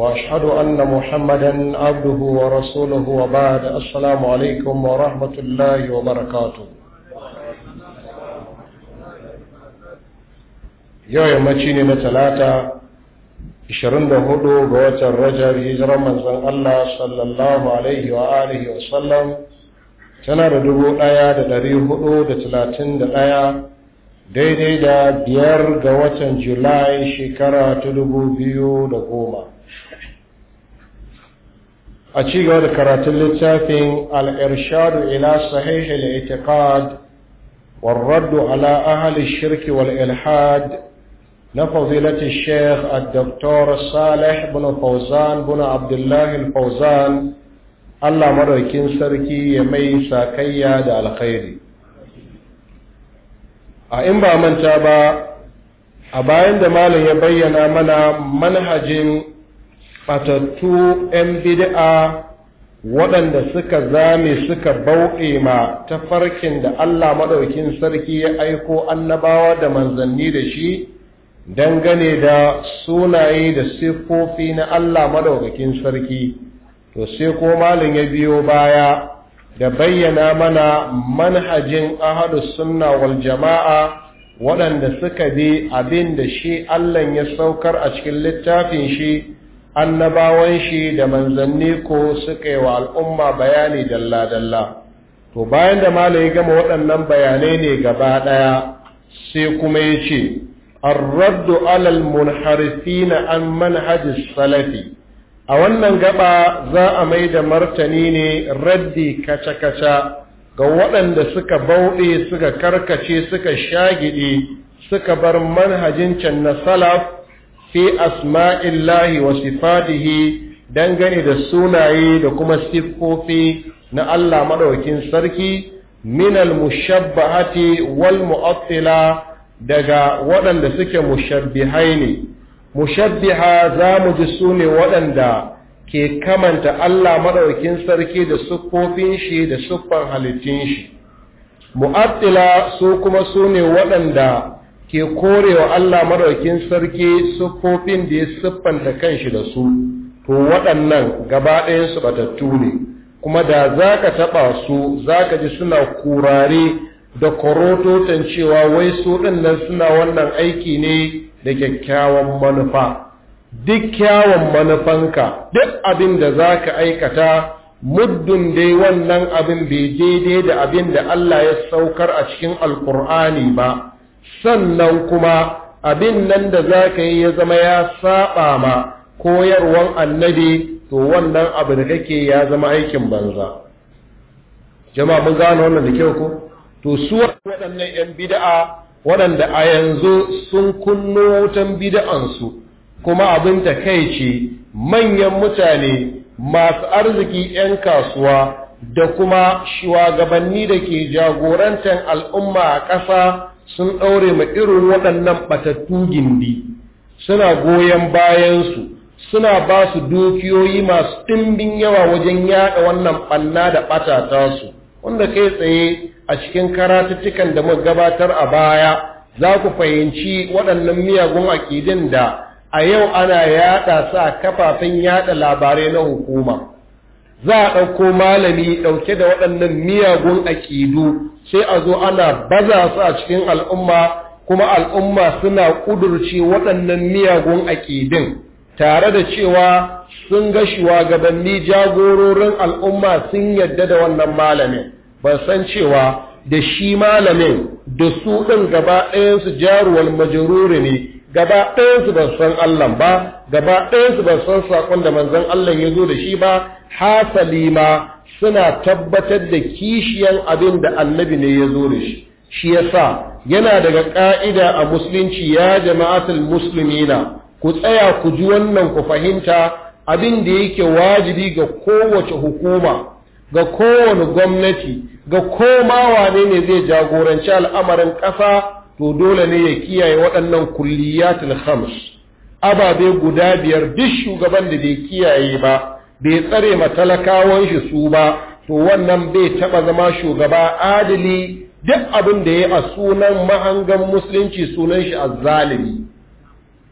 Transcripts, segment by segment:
وأشهد أن محمدا عبده ورسوله وبعد السلام عليكم ورحمة الله وبركاته yau yammaci ne na talata 24 ga watan rajar hijirar manzon Allah sallallahu tana da dubu ɗaya da dari hudu da talatin da ɗaya daidai da biyar ga watan julai shekara ta dubu biyu da goma a ci gaba da karatun littafin al'irshadu ila sahihi al'itiqad warraddu ala ahli shirki wal ilhad na fazilati sheikh al-doktor salih bin fauzan bin abdullahi fauzan allah madaukin sarki ya mai sakayya da alkhairi a in ba manta ba a bayan da malam ya bayyana mana manhajin ɓatattu 'yan bid'a waɗanda suka zame suka bauɗe ma ta farkin da Allah maɗaukin sarki ya aiko annabawa da manzanni da shi dangane da sunaye da siffofi na Allah maɗaukakin sarki to sai ko malin ya biyo baya da bayyana mana manhajin ahadus sunna wal jama'a waɗanda suka bi abin da shi Allah ya saukar a cikin littafin shi annabawan shi da manzanni ko suka yi wa al'umma bayani dalla-dalla to bayan da mala ya gama waɗannan bayanai ne gaba ɗaya sai kuma ya ce arraddu alal na an manhajis salafi a wannan gaba za a mai da martani ne raddi kaca-kaca ga waɗanda suka bauɗe suka karkace suka shagide suka bar manhajin can na salaf fi asma'illahi wa sifatihi dangane da sunaye da kuma siffofi na Allah maɗaukin sarki minal mushabbahati wal mu'attila daga waɗanda suke mushabbihai ne mushabbiha za mu ji su waɗanda ke kamanta Allah maɗaukin sarki da siffofin shi da siffan halittun shi mu'attila su kuma su waɗanda ke korewa Allah madaukin sarki siffofin da ya siffanta kanshi da su to waɗannan gaba ɗayan batattu ne kuma da za ka taɓa su za ka ji suna kurare da korototan cewa wai su ɗinnan suna wannan aiki ne da kyakkyawan manufa duk kyawun manufanka duk abin da za ka aikata muddin dai wannan abin bai daidai da abin da Allah ya saukar a cikin alkur'ani ba sannan kuma abin nan da za ka yi ya zama ya saba ma koyarwan annabi to wannan abu da kake ya zama aikin banza jama'a mun gano wannan da kyau ko to su waɗannan 'yan bida'a waɗanda a yanzu sun kunno wutan bida'ansu kuma abin ta kai ce manyan mutane masu arziki 'yan kasuwa da kuma shugabanni da ke jagorantar al'umma a ƙasa sun ɗaure ma irin waɗannan ɓatattu gindi suna goyon bayansu suna ba su dukiyoyi masu ɗimbin yawa wajen yaɗa wannan ɓanna da ɓata su wanda kai tsaye a cikin karatuttukan da muka gabatar a baya za ku fahimci waɗannan miyagun aƙidin da a yau ana yaɗa sa kafafen yaɗa labarai na hukuma za a ɗauko malami ɗauke da waɗannan miyagun aƙidu sai a zo ana baza su a cikin al'umma kuma al'umma suna ƙudurci waɗannan miyagun aƙidin tare da cewa sun ga shugabanni jagororin al'umma sun yadda da wannan malamin ban san cewa da shi malamin da su ɗin gaba ɗayansu jaruwar majaruri ne gaba ɗayansu ba san Allah ba gaba ɗayansu ba san saƙon da manzon Allah ya zo da shi ba hasali ma suna tabbatar da kishiyan abin da annabi ne ya zo da shi shi yasa yana daga ƙa'ida a musulunci ya jama'atul muslimina ku tsaya ku ji wannan ku fahimta abin da yake wajibi ga kowace hukuma ga kowane gwamnati ga koma wane ne zai jagoranci al'amarin ƙasa to dole ne ya kiyaye waɗannan kulliyatul khams ababe guda biyar duk shugaban da bai kiyaye ba bai tsare matalakawan shi su ba to wannan bai taɓa zama shugaba adali duk abin da ya a sunan mahangan musulunci sunan shi azzalimi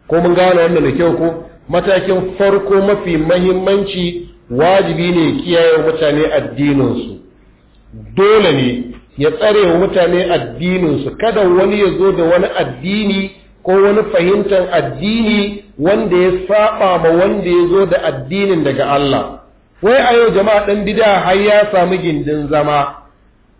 ko mun gane wannan da kyau ko matakin farko mafi mahimmanci wajibi ne kiyaye mutane addininsu dole ne ya tsare wa mutane addininsu kada wani ya zo da wani addini ko wani fahimtar addini wanda ya saba ma wanda ya zo da addinin daga Allah wai a yau jama'a ɗan bida har ya samu gindin zama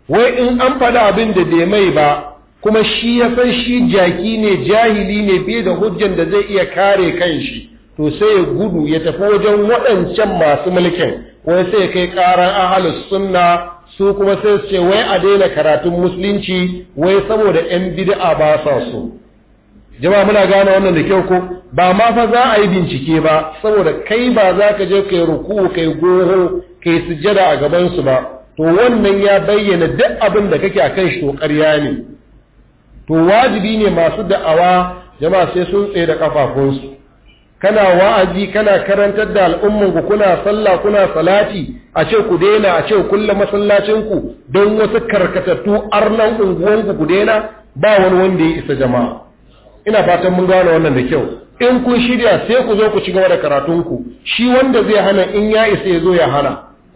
wai in an faɗa abin da bai mai ba kuma shi ya san shi jaki ne jahili ne bai da hujjan da zai iya kare kan shi. to sai ya gudu ya tafi wajen waɗancan masu mulkin wai sai kai ƙaran ahalus sunna su kuma sai su ce wai a daina karatun musulunci wai saboda yan bid'a ba sa so jama'a muna gane wannan da kyau ko ba ma fa za a yi bincike ba saboda kai ba za ka je kai ruku kai goho kai sujada a gaban su ba to wannan ya bayyana duk abin da kake akan shi to ƙarya ne to wajibi ne masu da'awa jama'a sai sun tsaye da kafafunsu kana wa'azi kana karantar da al'ummanku kuna sallah kuna salati a ce ku daina a ce kulle masallacinku don wasu karkatattu arnan unguwanku ku daina ba wani wanda ya isa jama'a ina fatan mun gane wannan da kyau in kun shirya sai ku zo ku ci gaba da karatunku shi wanda zai hana in ya isa ya zo ya hana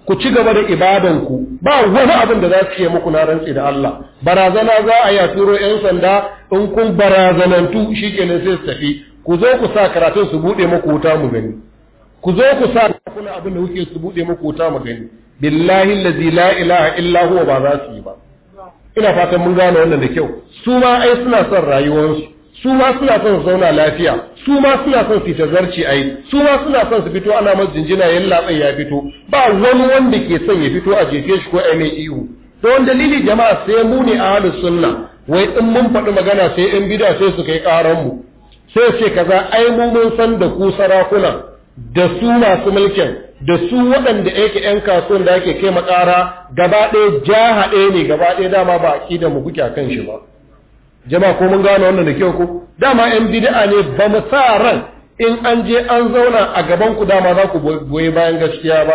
ku ci gaba da ibadanku ba wani abin da za su yi muku na rantsi da Allah barazana za a yi turo yan sanda in kun barazanantu shikenan sai su tafi ku zo ku sa karatun su bude muku wuta mu gani ku zo ku sa kuna abin da kuke su buɗe muku wuta mu gani billahi allazi la ilaha illa huwa ba za su yi ba ina fatan mun gane wannan da kyau su ma ai suna son rayuwarsu su ma suna son zauna lafiya su ma suna son su ta zarci ai su ma suna son su fito ana masu jinjina yan latsan ya fito ba wani wanda ke son ya fito a jefe shi ko ai mai ihu to wani dalili jama'a sai mu ne a halin sunna wai in mun faɗi magana sai in bida sai su kai ƙaranmu. mu sai ce kaza ai mu mun san da ku sarakuna da su masu mulkin da su waɗanda yake 'yan kasuwan da ake kai makara gaba ɗaya ja haɗe ne gaba ɗaya dama ba a da mu guke a kan shi ba jama'a ko mun gano wannan da kyau ko dama 'yan bid'a ne ba mu sa ran in an je an zauna a gaban ku dama za ku goyi bayan gaskiya ba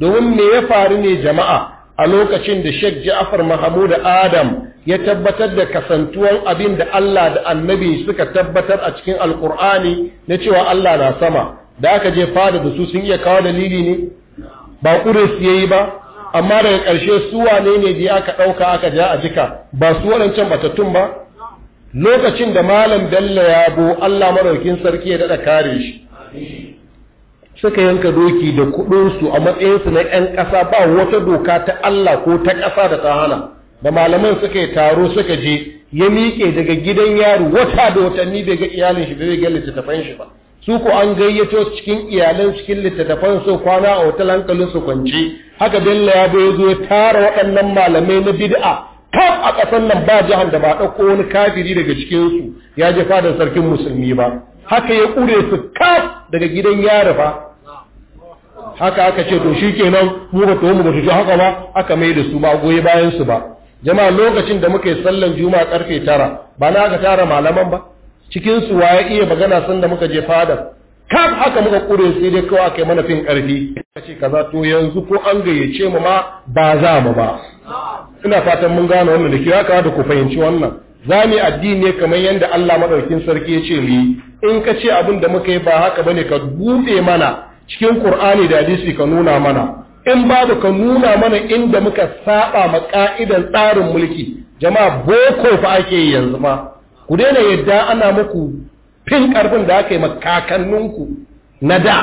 domin me ya faru ne jama'a a lokacin da Sheikh Ja'far Mahmud Adam ya tabbatar da kasantuwan abin da Allah da Annabi suka tabbatar a cikin Alƙur'ani na cewa Allah na sama da aka je fada da su sun iya kawo dalili ne ba ƙure su yayi ba amma daga ƙarshe su wane ne da aka ɗauka aka ja a jika ba su waɗancan batattun ba lokacin da malam bello ya bo allah maraukin sarki ya daɗa kare shi suka yanka doki da kuɗinsu a matsayinsu na 'yan ƙasa ba wata doka ta allah ko ta ƙasa da ta hana da malaman suka yi taro suka je ya miƙe daga gidan yaro wata da watanni bai ga iyalin shi bai ga ta shi ba su ku an gayyato cikin iyalan cikin littattafan su kwana a wata hankalin su kwanci haka bello ya bai zo tara waɗannan malamai na bid'a kaf a ƙasar nan ba jihar da ba ɗauko wani kafiri daga cikin su ya je fadar sarkin musulmi ba haka ya ƙure su kaf daga gidan yari ba haka aka ce to shikenan mu ba to mu ba haka ba aka mai da su ba goyi bayan su ba jama'a lokacin da muka yi sallan juma'a karfe tara ba na aka tara malaman ba cikin su ya iya magana sanda muka je fada kaf haka muka kure sai dai kawai akai mana fin karfi kace kaza to yanzu ko an gayyace mu ma ba za mu ba ina fatan mun gane wannan da ke haka da ku fahimci wannan zami addini kamar yadda Allah madaukin sarki ya ce mu in ka ce abin da muka yi ba haka bane ka bude mana cikin Qur'ani da hadisi ka nuna mana in babu ka nuna mana inda muka saba ma ka'idan tsarin mulki jama'a boko fa ake yanzu ma ku daina yadda ana muku fin karfin da aka yi makakanninku na da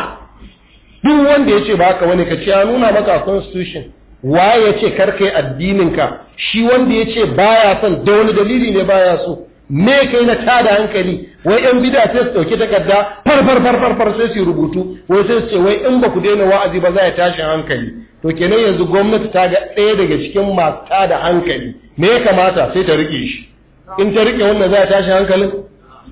duk wanda ya ce ba haka wani ka ci ya nuna maka constitution waye ya ce karka yi addininka shi wanda ya ce baya son da wani dalili ne baya so me kai na tada hankali wai yan bida sai su dauki takarda farfar farfar far sai su rubutu wai sai su ce wai in ba ku daina wa'azi ba za ya tashi hankali to kenan yanzu gwamnati ta ga ɗaya daga cikin masu tada hankali me ya kamata sai ta rike shi in ta rike wannan za a tashi hankalin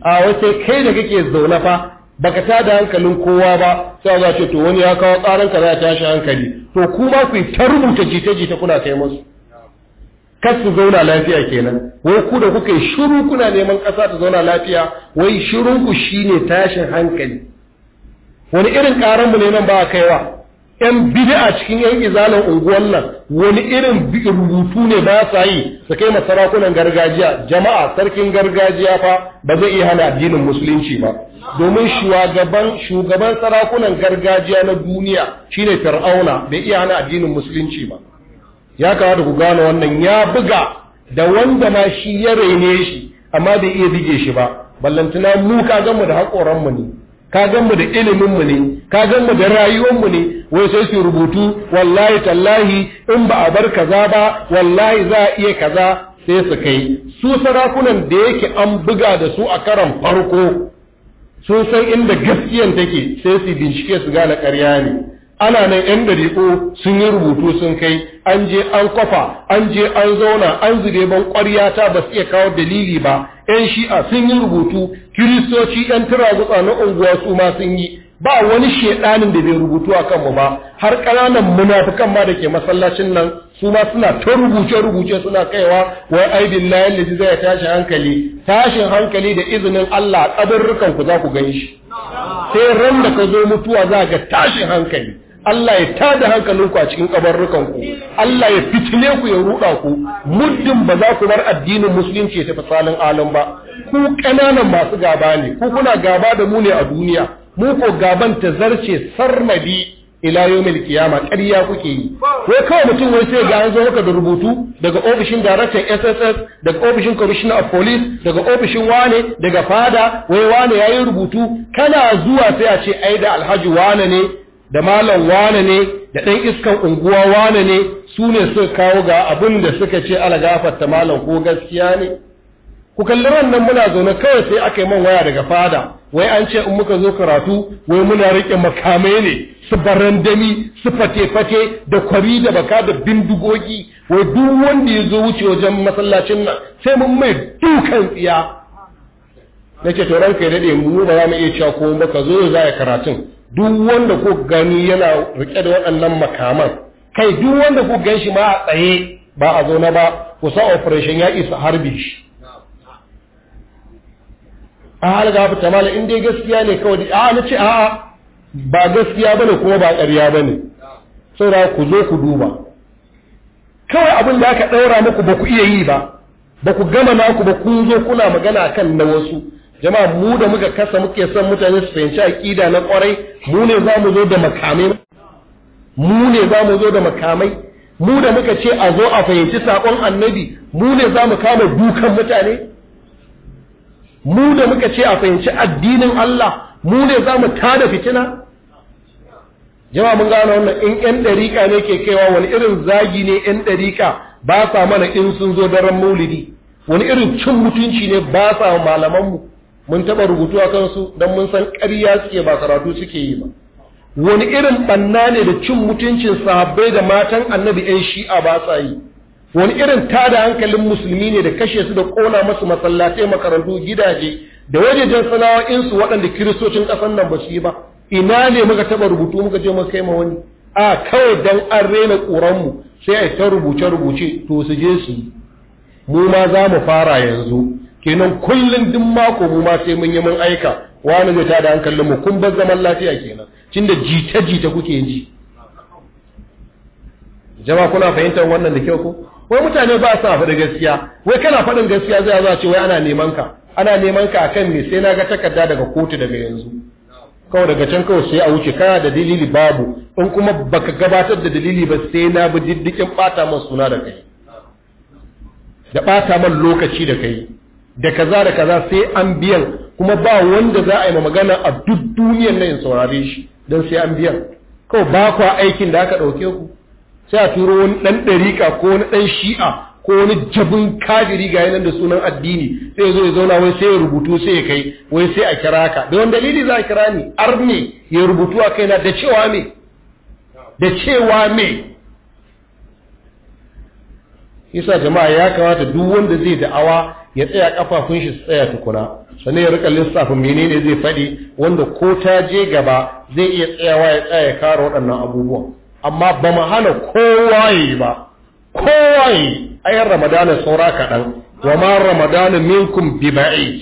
a wace kai da kake zaune fa baka ta da hankalin kowa ba sai za ce to wani ya kawo tsarin ka za a tashi hankali to kuma ku ta rubuta jita-jita kuna kai musu kas su zauna lafiya kenan wai ku da kuka yi shiru kuna neman ƙasa ta zauna lafiya wai shirunku shine tashin hankali wani irin ƙaranmu ne nan ba a kaiwa yan a cikin yan izalan unguwan nan wani irin rubutu ne ba sa yi su kai masarakunan gargajiya jama'a sarkin gargajiya fa ba zai iya hana addinin musulunci ba domin shugaban shugaban sarakunan gargajiya na duniya shine fir'auna bai iya hana addinin musulunci ba ya da ku gane wannan ya buga da wanda ma shi ya raine shi amma bai iya bige shi ba ballantana mu ka gamu da haƙoranmu ne ka gan mu da ilimin mu ne ka gan mu da rayuwar mu ne wai sai su rubutu wallahi tallahi in ba a bar kaza ba wallahi za a iya kaza sai su kai su sarakunan da yake an buga da su a karan farko sun san inda gaskiyan take sai su bincike su gane ƙarya ne ana nan yan dariƙo sun yi rubutu sun kai an je an kwafa an je an zauna an zube ban ƙwarya ta ba su iya kawo dalili ba yan shi'a sun yi rubutu kiristoci yan turagutsa na unguwa su ma sun yi ba wani shedanin da bai rubutu a kanmu ba har ƙananan munafukan ma da ke masallacin nan su ma suna ta rubuce rubuce suna kaiwa wai ai billahi lazi zai tashi hankali tashin hankali da izinin Allah kadarrukan ku za ku ganshi shi sai ran da ka zo mutuwa za ga tashin hankali Allah ya tada hankalinku a cikin kabarrukanku Allah ya fitile ku ya ruɗa ku muddin ba za ku bar addinin musulunci ya tafi salin alam ba ku ƙananan masu gaba ne ku kuna gaba da mu ne a duniya mu ko gaban ta zarce sarmadi ila yawmil kiyama ƙarya kuke yi wai kawai mutum wai sai ga an zo haka da rubutu daga ofishin daraktan SSS daga ofishin commissioner of police daga ofishin wane daga fada wai wane ya yi rubutu kana zuwa sai a ce ai da alhaji wane ne da malam wane ne da ɗan iskan unguwa wane ne su ne suka kawo ga abin da suka ce ala gafarta malam ko gaskiya ne ku kalli wannan muna zaune kawai sai aka yi man waya daga fada wai an ce in muka zo karatu wai muna riƙe makamai ne su barandami su fate-fate da kwari da baka da bindigogi wai duk wanda ya zo wuce wajen masallacin nan sai mun mai dukan tsiya na to ranka ya daɗe mu ba za mu iya cewa ko muka zo za ya karatun duk wanda ku gani yana rike da waɗannan makaman kai duk wanda ku gan shi ma a tsaye ba a na ba ku sa operation ya isa harbi shi a halga fita tamala in dai gaskiya ne kawai a na ce a'a ba gaskiya ba ne kuma ba ƙarya bane saboda ku zo ku duba kawai abin da aka ɗaura muku ba ku iya yi ba ba ku gama naku ba kun zo kuna magana kan na wasu jama'a mu da muka kasa muke son mutane su fahimci aƙida na kwarai mu ne za mu zo da makamai mu ne za mu zo da makamai mu da muka ce a zo a fahimci saƙon annabi mu ne za mu kama dukan mutane mu da muka ce a fahimci addinin Allah mu ne za mu tada fitina jama'a mun gane wannan in ɗan ɗariƙa ne ke kaiwa wani irin zagi ne ɗan ɗariƙa ba sa mana in sun zo daren maulidi wani irin cin mutunci ne ba sa malamanmu mun taɓa rubutu a kansu don mun san ƙarya suke ba karatu suke yi ba wani irin ɓanna ne da cin mutuncin sahabbai da matan annabi 'yan shi'a ba sa yi wani irin tada hankalin musulmi ne da kashe su da ƙona masu masallatai makarantu gidaje da wajejen sana'o'insu waɗanda kiristocin ƙasar nan ba su yi ba ina ne muka taɓa rubutu muka je muka kai ma wani a kawai dan an rena mu sai a ta rubuce-rubuce to su je su mu ma za mu fara yanzu kenan kullum duk mako mu ma sai mun yi mun aika wani zai tada hankalin mu kun bar zaman lafiya kenan tunda jita jita kuke ji jama'a kuna fahimtar wannan da kyau ko wai mutane ba sa faɗa gaskiya wai kana faɗin gaskiya zai za ce wai ana neman ka ana neman ka akan me sai na ga takarda daga kotu daga yanzu kawai daga can kawai sai a wuce kana da dalili babu in kuma baka gabatar da dalili ba sai na bi diddikin ɓata man suna da kai da ɓata man lokaci da kai da kaza da kaza sai an biyan kuma ba wanda za a yi magana a duk duniyar nan saurare shi don sai an biyan kawai ba kwa aikin da aka ɗauke ku sai a turo wani ɗan ɗarika ko wani ɗan shi'a ko wani jabin kafiri ga yanan da sunan addini sai zo ya zauna wai sai ya rubutu sai ya kai wai sai a kira ka da wani dalili za a kira ni arme ya rubutu a kaina da cewa me da cewa me yasa jama'a ya kamata duk wanda zai da'awa ya tsaya kafafun shi su tsaya tukuna sannan ya rika lissafin menene zai faɗi wanda ko ta je gaba zai iya tsayawa ya tsaya ya kare waɗannan abubuwan amma ba mu hana kowa yi ba kowa yi ayar ramadana saura kaɗan wa ma ramadana minkum bi ba'id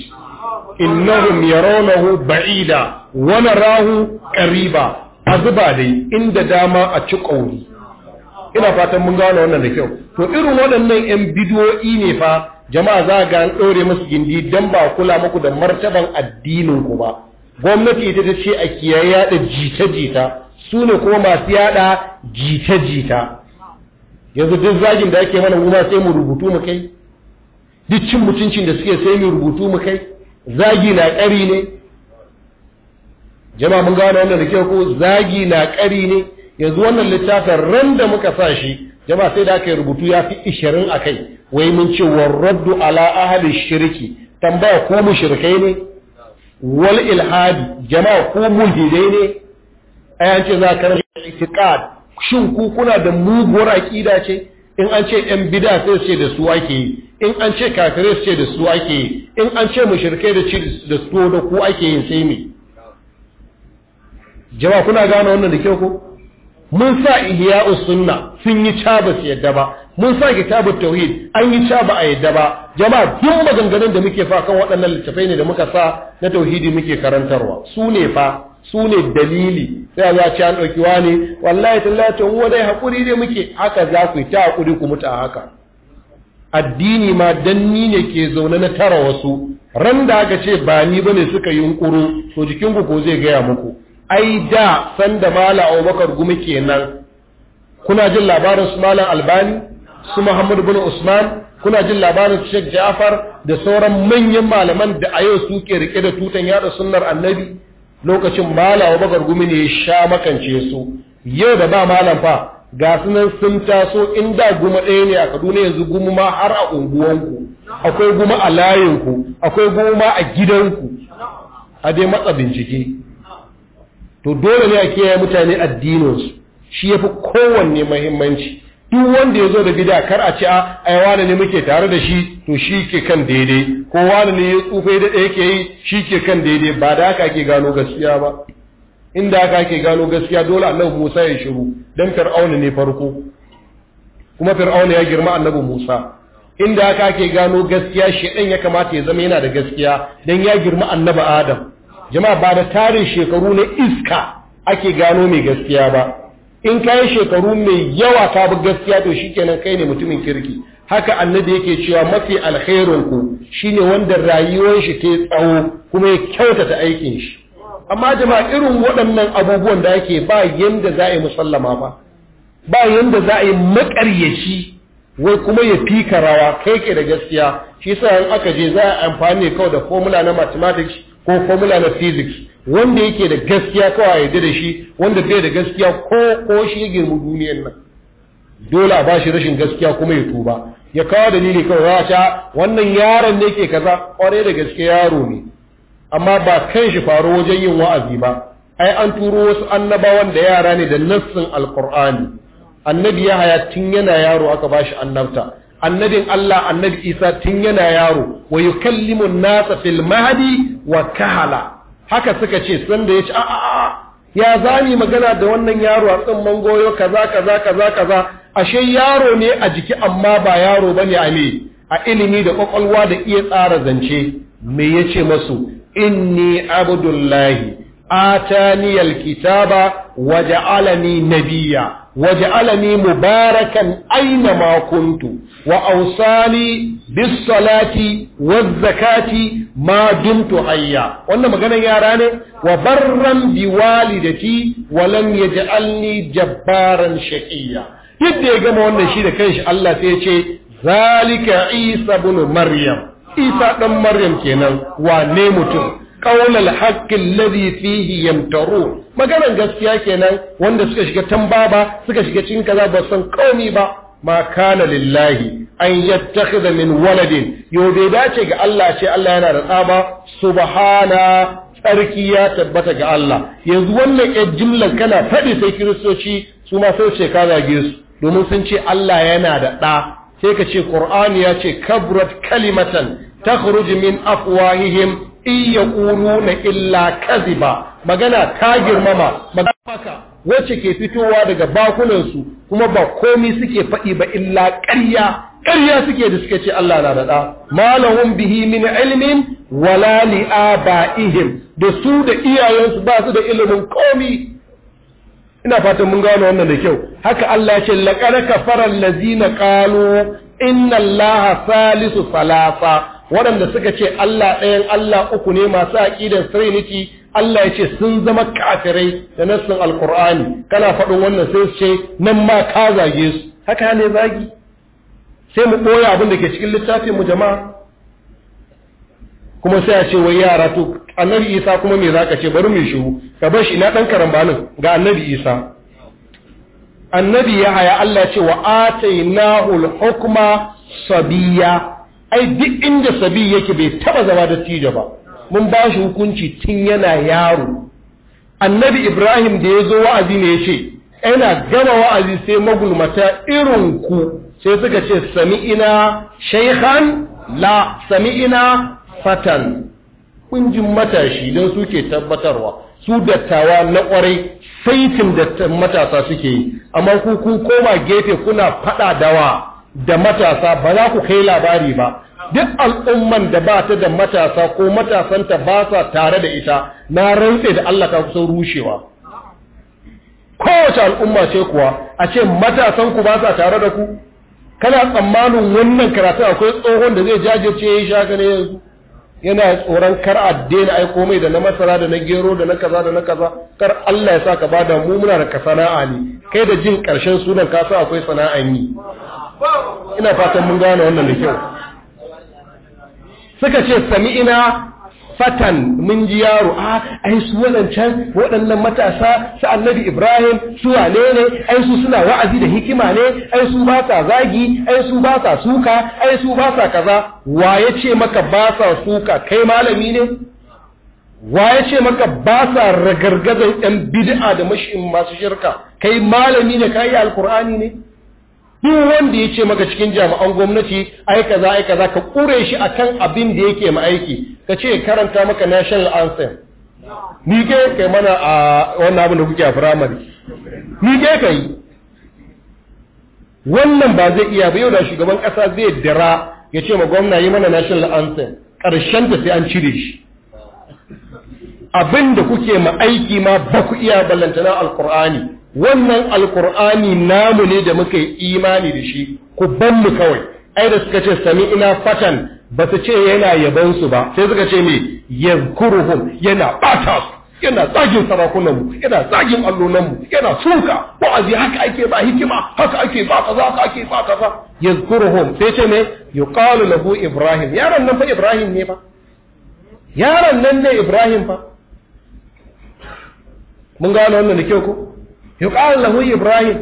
innahum yarawnahu ba'ida wa narahu qariba azuba dai inda dama a ci kauri ina fatan mun gane wannan da kyau to irin waɗannan yan bidiyoyi ne fa jama'a za ga an ɗore musu gindi dan ba kula muku da martaban addinin ku ba gwamnati ita ta ce a kiyaye yaɗa jita-jita su ne kuma masu yaɗa jita-jita yanzu duk zagin da ake mana kuma sai mu rubutu mu kai duk cin mutuncin da suke sai mu rubutu mu kai zagi na ƙari ne jama'a mun gane wannan da kyau ko zagi na ƙari ne yanzu wannan littafin ran da muka sa shi jama'a sai da aka yi rubutu ya fi ishirin a kai wai mun ce warraddu ala ahli shirki tambaya ko mu shirkai ne wal ilhadi jama'a ko mulhidai ne ayan ce za ka rage itiqad shin ku kuna da muguwar kida ce in an ce yan bid'a sai ce da su ake yi in an ce kafire su ce da su ake yi in an ce mushrikai da ci da su da ku ake yin sai me jama'a kuna gane wannan da kyau ko mun sa ihya'us sunna sun yi caba su yadda ba mun sa kitabut tauhid an yi caba a yadda ba jama'a duk maganganun da muke fa kan waɗannan littafai ne da muka sa na tauhidi muke karantarwa su ne fa su ne dalili sai Allah ci an dauki wani wallahi tallahi to mu dai hakuri ne muke haka za ku ta hakuri ku muta a haka addini ma danni ne ke zaune na tara wasu randa da aka ce ba ni bane suka yunkuru to jikin ku ko zai gaya muku ai da sanda mala abubakar gumi kenan kuna jin labarin su malam albani su muhammad bin usman kuna jin labarin su shek jafar da sauran manyan malaman da a yau suke rike da tutan yada sunnar annabi lokacin mala abubakar gumi ne ya sha makance su yau da ba malam fa ga sunan sun taso in da guma ɗaya ne a kaduna yanzu guma ma har a unguwanku akwai guma a layinku akwai guma a gidanku a dai matsa bincike to dole ne a kiyaye mutane addininsu shi yafi kowanne muhimmanci duk wanda ya zo da bida kar a ci, a ai wani ne muke tare da shi to shi ke kan daidai ko wani ne ya tsufe da yake yi shi ke kan daidai ba da aka ke gano gaskiya ba inda aka ke gano gaskiya dole annabi Musa ya shiru dan fir'auna ne farko kuma fir'auna ya girma annabi Musa inda aka ke gano gaskiya ɗan ya kamata ya zama yana da gaskiya dan ya girma annabi Adam jama'a ba da tarin shekaru na iska ake gano mai gaskiya ba in kayan shekaru mai yawa ka bi gaskiya to shi kenan kai ne mutumin kirki haka annabi yake cewa mafi alkhairin ku shine wanda rayuwar shi ta tsawo kuma ya kyautata aikin shi amma jama'a irin waɗannan abubuwan da ake ba yanda za a yi musallama ba ba yanda za a yi maƙaryaci wai kuma ya fika rawa kai ke da gaskiya shi sa in aka je za a amfani kawai da formula na mathematics ko formula na physics wanda yake da gaskiya kawai yadda da shi wanda bai da gaskiya ko ko shi ya girma duniyar nan dole a shi rashin gaskiya kuma ya tuba ya kawo dalili kawai za wannan yaron ne ke kaza kware da gaske yaro ne amma ba kan shi faru wajen yin wa'azi ba ai an turo wasu annabawan da yara ne da nassin alqur'ani annabi ya haya tun yana yaro aka ba shi annabta annabin Allah annabi Isa tun yana yaro wa yukallimu nasa fil mahdi wa kahala haka suka ce sanda yace a a ya zani magana da wannan yaro a tsamman goyo kaza kaza kaza kaza ashe yaro ne a jiki amma ba yaro bane a me a ilimi da kwakwalwa da iya tsara zance me yace masu inni abdullahi ataniyal kitaba wa ja'alani nabiyya Waje waj'alani mubarakan aina ma kuntu wa awsali bis salati waz zakati ma dumtu hayya wannan maganar yara ne wa barran bi walidati wa lam yaj'alni jabbaran shaqiya yadda ya gama wannan shi da kanshi Allah sai ce zalika isa ibn maryam isa dan maryam kenan wane mutum Ƙaunar haqqi alladhi fihi yamtarun maganar gaskiya kenan wanda suka shiga tambaba suka shiga cikin kaza ba san kaumi ba ma kana lillahi an yattakhidha min waladin yau bai dace ga Allah ce Allah yana da tsaba subhana tsarki ya tabbata ga Allah yanzu wannan yar jimlan kana faɗi sai kiristoci su ma sai ce ka zage su domin sun ce Allah yana da ɗa sai ka ce Qur'ani ya ce kabrat kalimatan takhruj min afwahihim in na illa kaziba, magana ta girmama magana wacce ke fitowa daga bakunansu kuma ba komi suke faɗi ba illa ƙarya ƙarya suke da suke ce Allah na daɗa Malamin bihi min walali wala li abaihim da su da iyayensu ba su da ilimin komi ina fatan mun gano wannan da kyau haka Allah ce laqad kafara allazina qalu inna allaha salisu salasa waɗanda suka ce Allah ɗayan Allah uku ne masu aƙidar trinity Allah ya ce sun zama kafirai da nassin Alƙur'ani kana faɗin wannan sai su ce nan ma ka zage su haka ne zagi sai mu ɓoye abin da ke cikin littafin mu jama'a kuma sai a ce wai yara to annabi isa kuma me zaka ce bari mu shiru ka bar shi na ɗan karambanin ga annabi isa annabi ya haya Allah ce wa atainahu al-hukma sabiya ai duk inda sabi yake bai taba zama dattijo ba mun ba shi hukunci tun yana yaro annabi ibrahim da ya zo wa'azi ne ya ce yana gama wa'azi sai magulmata irin ku sai suka ce sami'ina shaikhan la sami'ina fatan kunjin matashi don suke tabbatarwa su dattawa na kwarai saitin da matasa suke yi amma ku kun koma gefe kuna fada dawa da matasa ba za ku kai labari ba duk al'umman da ba ta da matasa ko matasanta ba sa tare da ita na rantse da Allah ka kusan rushewa kowace al'umma ce kuwa a ce matasan ku ba sa tare da ku kana tsammanin wannan karatu akwai tsohon da zai jajirce ya yi shagani yanzu yana tsoron kar addini aiko mai da na masara da na gero da na kaza da na kaza kar Allah ya sa ka bada mu muna da sana'a ne kai da jin karshen sunan ka sa akwai sana'an yi ina fatan mun gane wannan da kyau suka ce sami ina fatan mun ji yaro a ai su wadancan waɗannan matasa su annabi ibrahim su wane ne ai su suna wa'azi da hikima ne ai su ba sa zagi ai su ba sa suka ai su ba sa kaza wa ya ce maka ba sa suka kai malami ne wa ya ce maka ba sa ragargazan ɗan bid'a da mashi masu shirka kai malami ne kai alkur'ani ne duk wanda ya ce maka cikin jami'an gwamnati ai za ai kaza ka ƙure shi akan abin da yake ma aiki ka ce karanta maka national anthem ni ke kai mana a wannan abin da kuke a firamare ni ke kai wannan ba zai iya ba yau da shugaban kasa zai dira ya ce ma gwamna yi mana national anthem karshen ta sai an cire shi abin da kuke ma aiki ma ba ku iya ballantana alkur'ani wannan alkur'ani namu ne da muka yi imani da shi ku ban mu kawai ai da suka ce sami ina fatan ba su ce yana yaban su ba sai suka ce me yazkuruhum yana bata su yana zagin sarakunan mu yana zagin allonan mu yana suka wa'azi haka ake ba hikima haka ake ba kaza haka ake ba kaza yazkuruhum sai ce me yuqalu lahu ibrahim yaron nan fa ibrahim ne ba yaron nan ne ibrahim fa mun gano wannan da kyau ko yuqalu lahu ibrahim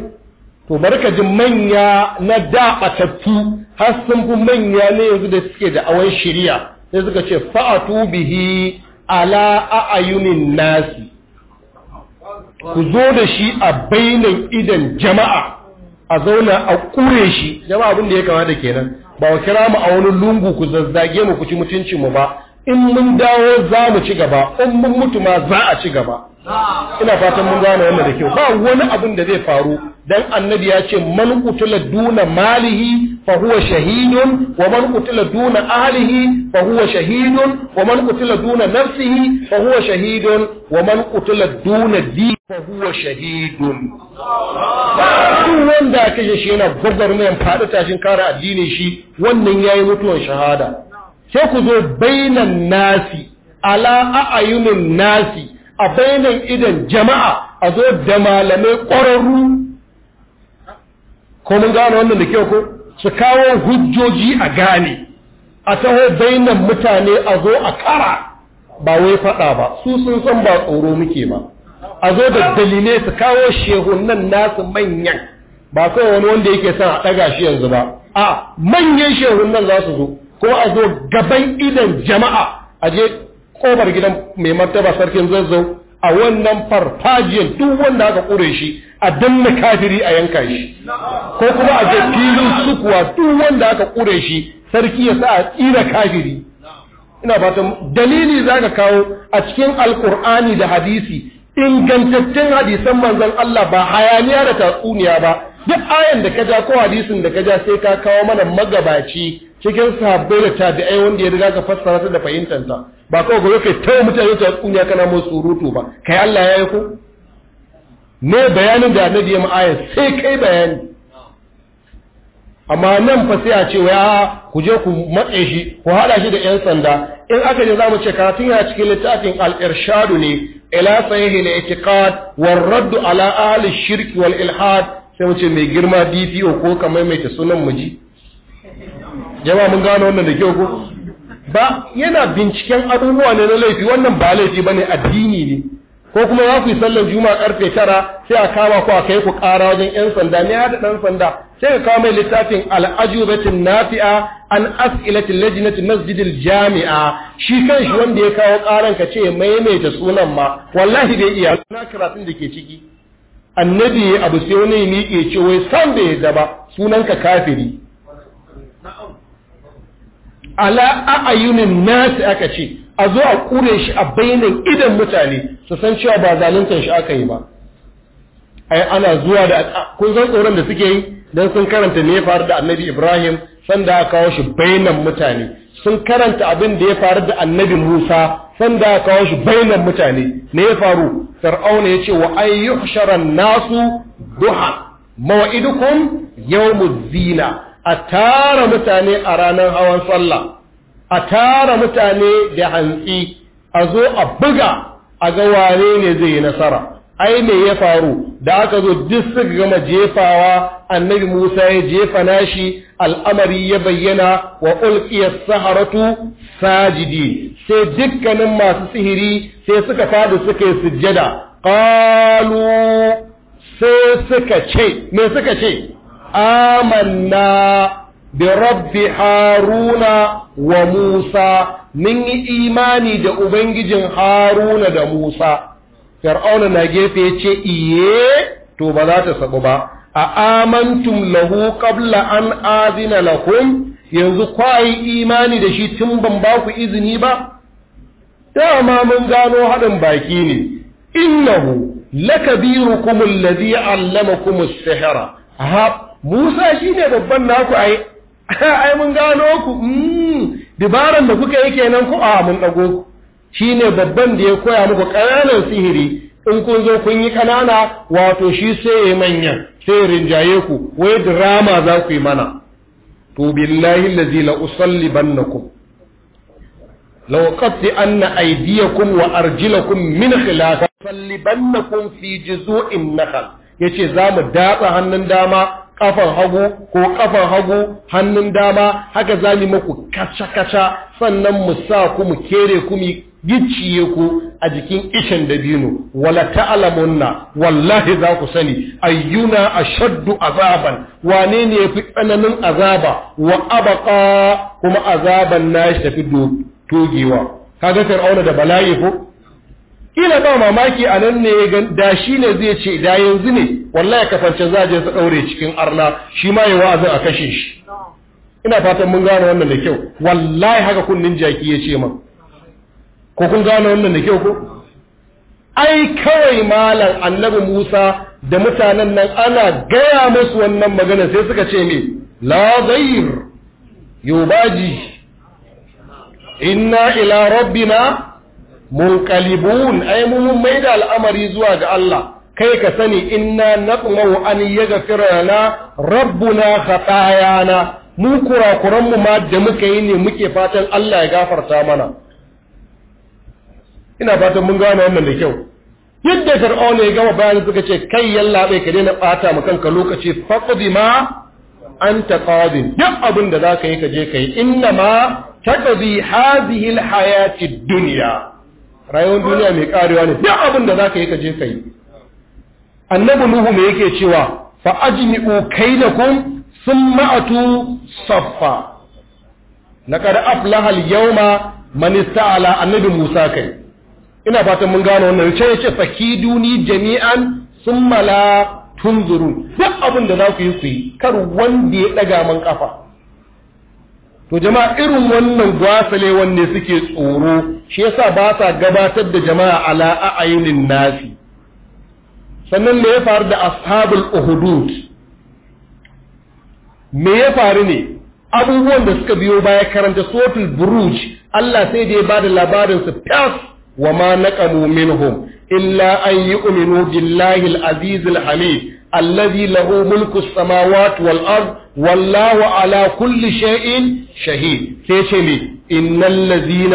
to barka ji manya na dabatattu har sun fi manya ne yanzu da suke da awan shiriya sai suka ce fa'atu bihi ala nasi ku zo da shi a bainan idan jama'a a zauna a kure shi jama'a abin da ya kamata kenan ba wa kira mu a wani lungu ku zazzage mu ku ci mutuncin mu ba in mun dawo za mu ci gaba in mun mutu ma za a ci gaba ina fatan mun gane wannan da kyau ba wani abin da zai faru dan annabi ya ce man qutila duna malihi fa huwa shahidun wa man qutila duna ahlihi fa huwa shahidun wa man qutila duna nafsihi fa huwa shahidun wa man qutila duna di fa huwa shahidun duk wanda aka shi yana gwagwarmayan faɗi tashin kare addinin shi wannan yayi mutuwan shahada sai ku zo bainan nasi ala a'ayunin nasi a bainan idan jama'a a zo da malamai ƙwararru ko mun gano wannan da kyau ko su kawo hujjoji a gane a taho bainan mutane a zo a kara ba wai faɗa ba su sun san ba tsoro muke ba a zo da dalilai su kawo shehunan nasu manyan ba kawai wani wanda yake son a ɗaga shi yanzu ba a manyan shehunan za su zo ko a zo gaban idan jama'a a je kobar gidan mai martaba sarkin zazzau a wannan farfajiyar duk wanda aka ƙure shi a danna kafiri a yanka shi ko kuma a je filin sukuwa duk wanda aka ƙure shi sarki ya sa a tsira kafiri ina fatan dalili za ka kawo a cikin Alƙur'ani da hadisi ingantaccen hadisan manzon Allah ba hayaniya da tatsuniya ba duk ayan da ka ja ko hadisin da ka ja sai ka kawo mana magabaci cikin sahabbai da tabi'ai wanda ya riga ka fassara ta da fahimtanta ba kawai gobe kai ta mutane ta kunya kana mun surutu ba kai Allah ya yi ku ne bayanin da annabi ya ma'ayar sai kai bayani amma nan fa sai a ce wa ku je ku matse shi ku hada shi da yan sanda in aka je zamu ce karatun ya cikin littafin al irshad ne ila sahihi al-i'tiqad war radd ala ahli shirk wal ilhad sai mu ce mai girma DPO ko kamar mai ta sunan ji. jama'a mun gano wannan da kyau ko ba yana binciken abubuwa ne na laifi wannan ba laifi bane addini ne ko kuma za ku yi sallar juma'a karfe tara sai a kama ku a kai ku ƙara wajen yan sanda ne da ɗan sanda sai ka kawo mai littafin al'ajubatin nafi'a an as'ilatin lajinatin masjidil jami'a shi kan shi wanda ya kawo ƙaran ka ce maimaita sunan ma wallahi bai iya na karatun da ke ciki annabi abu sai wani ya miƙe ce wai san bai yadda ba sunanka kafiri ala a'ayunin nasi aka ce a zo a kure shi a bayanin idan mutane su san cewa ba zaluntar shi aka yi ba ai ana zuwa da kun san tsoron da suke yi dan sun karanta ne faru da annabi ibrahim sanda aka kawo shi bainan mutane sun karanta abin da ya faru da annabi musa sanda aka kawo shi bainan mutane ne ya faru fir'auna ya ce wa ayyuhsharan nasu duha mawa'idukum yawmuz zina a tara mutane a ranar hawan sallah a tara mutane da hantsi a zo a buga a ga wane ne zai yi nasara ai me ya faru da aka zo duk suka gama jefawa annabi Musa ya jefa nashi al'amari ya bayyana wa ulqiyas saharatu sajidi sai dukkanin masu sihiri sai suka faɗi suka yi sujjada qalu sai suka ce me suka ce amanna bi rabbi haruna wa musa mun yi imani da ubangijin haruna da musa fir'auna na gefe ce iye to ba za ta sabu ba a amantum lahu qabla an azina lakum yanzu kwayi imani da shi tun ban ba ku izini ba dama mun gano haɗin baki ne innahu lakabirukum allama allamakum as-sihra Musa shi ne babban naku ai, ai mun gano ku, mm, dibaran da kuka yi kenan ku a ah, mun ɗago ku, shi ne babban da ya koya muku ƙananan sihiri, in kun zo kun yi ƙanana wato shi sai ya manyan, sai ya rinjaye ku, wai drama za ku yi mana. To billahi lazi la usalli bannakum. Law na anna aydiyakum wa arjilakun min salli sallibannakum fi juzu'in nakhl yace za mu datsa hannun dama kafar hagu ko kafar hagu hannun dama haka za mu muku kaca-kaca sannan mu sa ku mu kere ku mu gicciye ku a jikin ishan dabino wala ta'lamunna wallahi za ku sani ayyuna ashaddu azaban wane ne yafi tsananin azaba wa abqa kuma azaban na shi tafi dogewa kaga fir'auna da bala'i ko kila ba mamaki a nan ne da shi ne zai ce da yanzu ne wallahi kafance za je su daure cikin arna shi ma ya wa'azin a kashe shi ina fatan mun gane wannan da kyau wallahi haka kunnin jaki ya ce ma ko kun gane wannan da kyau ko ai kawai malam annabi Musa da mutanen nan ana gaya musu wannan magana sai suka ce me la ghayr yubaji inna ila rabbina munqalibun ai mun da al'amari zuwa ga Allah kai ka sani inna naqmu an yaghfira lana rabbuna khatayana mu kurakuran mu ma da muka yi ne muke fatan Allah ya gafarta mana ina fatan mun gane wannan da kyau yadda fir'aun ya gama bayan suka ce kai yallaɓe, ka daina bata mu kanka lokaci faqdi ma anta qadin duk abin da zaka yi ka je kai inna ma taqdi hadhihi alhayati dunya rayuwar duniya mai karewa ne duk abin da zaka yi ka je ka yi annabi nuhu me yake cewa fa ajmi'u kaidakum thumma atu saffa kada aflaha al-yawma man sa'ala annabi Musa kai ina fatan mun gano wannan ce yace duni jami'an thumma la tunzurun duk abin da za ku yi ku yi kar wanda ya daga man kafa to jama'a irin wannan gwasalewan ne suke tsoro shi yasa ba sa gabatar da jama'a ala a'ayinin nasi sannan me ya faru da ashabul uhudud me ya faru ne abubuwan da suka biyo baya karanta suratul buruj Allah sai da ya bada labarin su tas wa ma naqamu minhum illa an yu'minu billahi al-aziz al-hamid الذي له ملك السماوات والأرض والله على كل شيء شهيد سيشمي إن الذين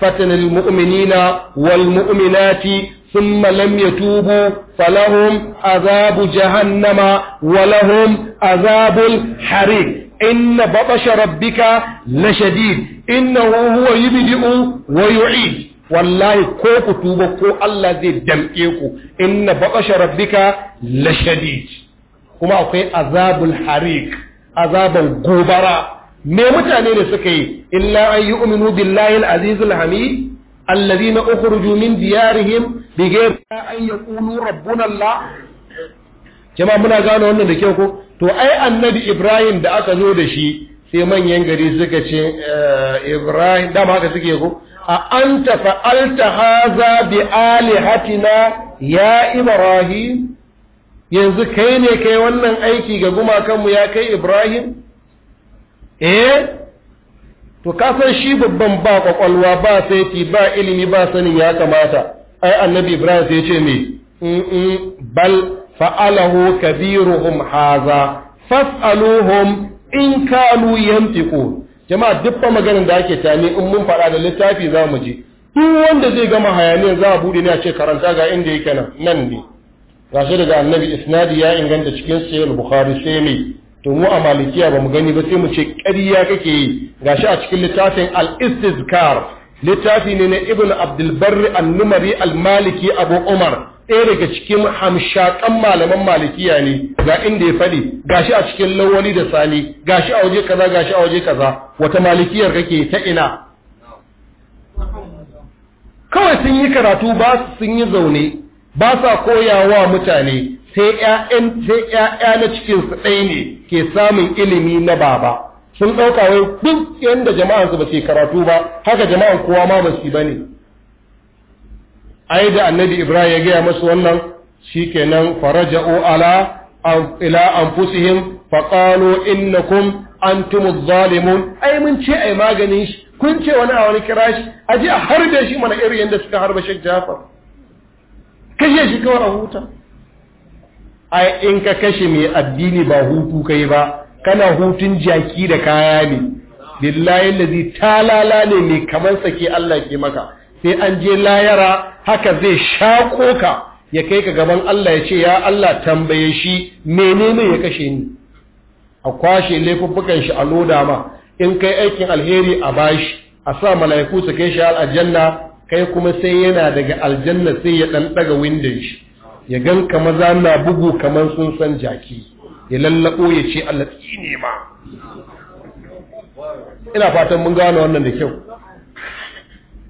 فتن المؤمنين والمؤمنات ثم لم يتوبوا فلهم عذاب جهنم ولهم عذاب الحريق إن بطش ربك لشديد إنه هو يبدئ ويعيد wallahi ko ku tuba ko Allah zai damke ku inna baqasha rabbika lashadid kuma akwai azabul harik azaban gobara me mutane ne suka yi illa an yu'minu billahi al-azizul hamid alladhina ukhruju min diyarihim bighayri an yaqulu rabbuna Allah jama'a muna gano wannan da kyau ko to ai annabi Ibrahim da aka zo da shi sai manyan gari suka ce eh, Ibrahim dama haka suke ko a anta fa'alta haza bi alihatina ya ibrahim yanzu kai ne kai wannan aiki ga gumakanmu ya kai ibrahim eh to kasan shi babban ba kwakwalwa ba saiti ba ilimi ba sanin ya kamata ai annabi ibrahim sai ce me mm, mm, bal fa'alahu kabiruhum haza fas'aluhum in kanu yantiqun jama'a duk maganin da ake tani in mun faɗa da littafi za mu je, duk wanda zai gama hayaniyar za a buɗe ne a ce karanta ga inda yake nan nan ne shi daga annabi isnadi ya inganta cikin sayyid bukhari sai mai to mu a malikiya ba mu gani ba sai mu ce ƙarya kake yi gashi a cikin littafin al-istizkar littafi ne na ibn abdul barri al numari al-maliki abu umar ɗaya daga cikin hamshaƙan malaman malikiya ne ga inda ya faɗi gashi a cikin lawali da sani gashi a waje kaza gashi a waje kaza wata malikiyar kake ta ina kawai sun yi karatu ba sun yi zaune ba sa koyawa mutane sai ƴaƴan sai ƴaƴa na cikin su ɗaya ne ke samun ilimi na baba sun ɗauka wai duk yanda jama'an su ba ke karatu ba haka jama'an kowa ma ba su bane ai da annabi ibrahim ya gaya masu wannan shikenan faraja'u ala ila anfusihim qalu innakum antumuz zalimun ai mun ce ai maganin shi kun ce wani a wani kira shi aje a harbe shi mana irin yadda suka harba shek Jafar kashe shi kawai a huta ai in ka kashe mai addini ba hutu kai ba kana hutun jaki da kaya ne billahi allazi talala ne mai kamar sake Allah ke maka sai an je layara haka zai shako ka ya kai ka gaban Allah ya ce ya Allah tambaye shi menene ya kashe ni a kwashe laifuffukan shi a loda ma in kai aikin alheri a bashi a sa mala'iku su kai shi aljanna kai kuma sai yana daga aljanna sai ya dan daga windon shi ya gan ganka maza na bugu kamar sun san jaki ya lallabo ya ce Allah tsine ma ina fatan mun gane wannan da kyau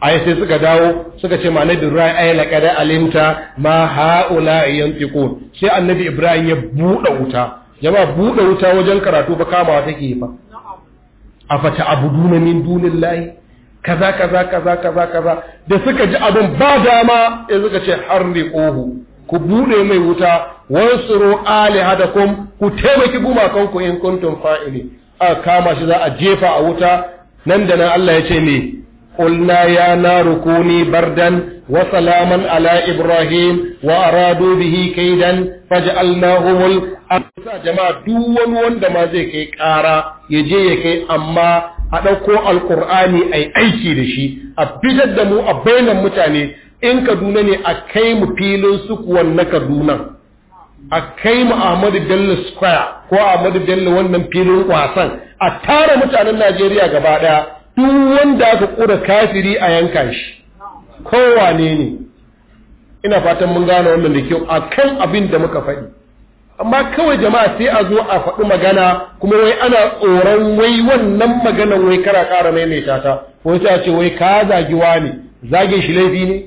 ai sai suka dawo suka ce ma annabi ibrahim ai laqad alimta ma haula yantiqun sai annabi ibrahim ya buɗe wuta jama'a buɗe wuta wajen karatu ba kamawa take fa fata abuduna min dunillahi kaza kaza kaza kaza kaza da suka ji abin ba dama ya suka ce har ni ohu ku bude mai wuta wansuru alihadakum ku taimaki gumakanku in kuntum fa'ili a kama shi za a jefa a wuta nan da nan Allah ya ce ne. قلنا يا نار كوني بردا وسلاما على ابراهيم وأرادوا به كيدا فجعلناهم ال جماعة دون وند ما زي كي كارا يجي كي اما أدوكو القرآن اي أي شيء لشي أبجد دمو ابين متاني ان كدونا ني أكيم بيلن سكوان نكدونا أكيم أحمد دل سكوير كو احمد دل wannan filin wasan a tara mutanen Najeriya gaba daya duk wanda aka kura kafiri a yanka shi kowane ne ina fatan mun gane wannan da kyau a kan abin da muka faɗi amma kawai jama'a sai a zo a faɗi magana kuma wai ana tsoron wai wannan maganan wai kara ƙara mai ta ko sai a ce wai ka zagi ne zage shi laifi ne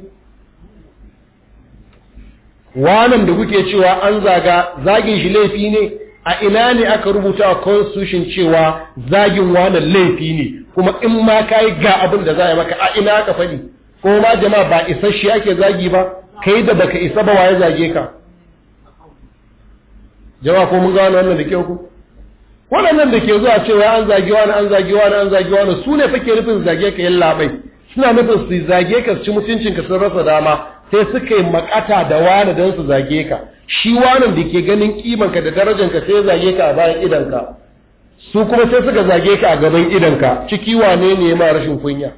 wanan da kuke cewa an zaga zagin shi laifi ne a ina ne aka rubuta a constitution cewa zagin wanan laifi ne kuma in ma ka yi ga abin da za a yi maka a ina ka faɗi ko ma jama'a ba isasshe ake zagi ba kai da baka isa ba waye zage ka jama'a ko mun gano wannan da kyau ko waɗannan da ke zuwa cewa an zage wani an zage wani an zage wani su ne fake nufin zage ka yin labai suna nufin su zage ka su ci mutuncin ka sun rasa dama sai suka yi makata da wani don su zage ka shi wani da ke ganin kimanka da darajanka sai zage ka a bayan idanka su kuma sai suka zage ka a gaban idanka ciki wane ne ma rashin kunya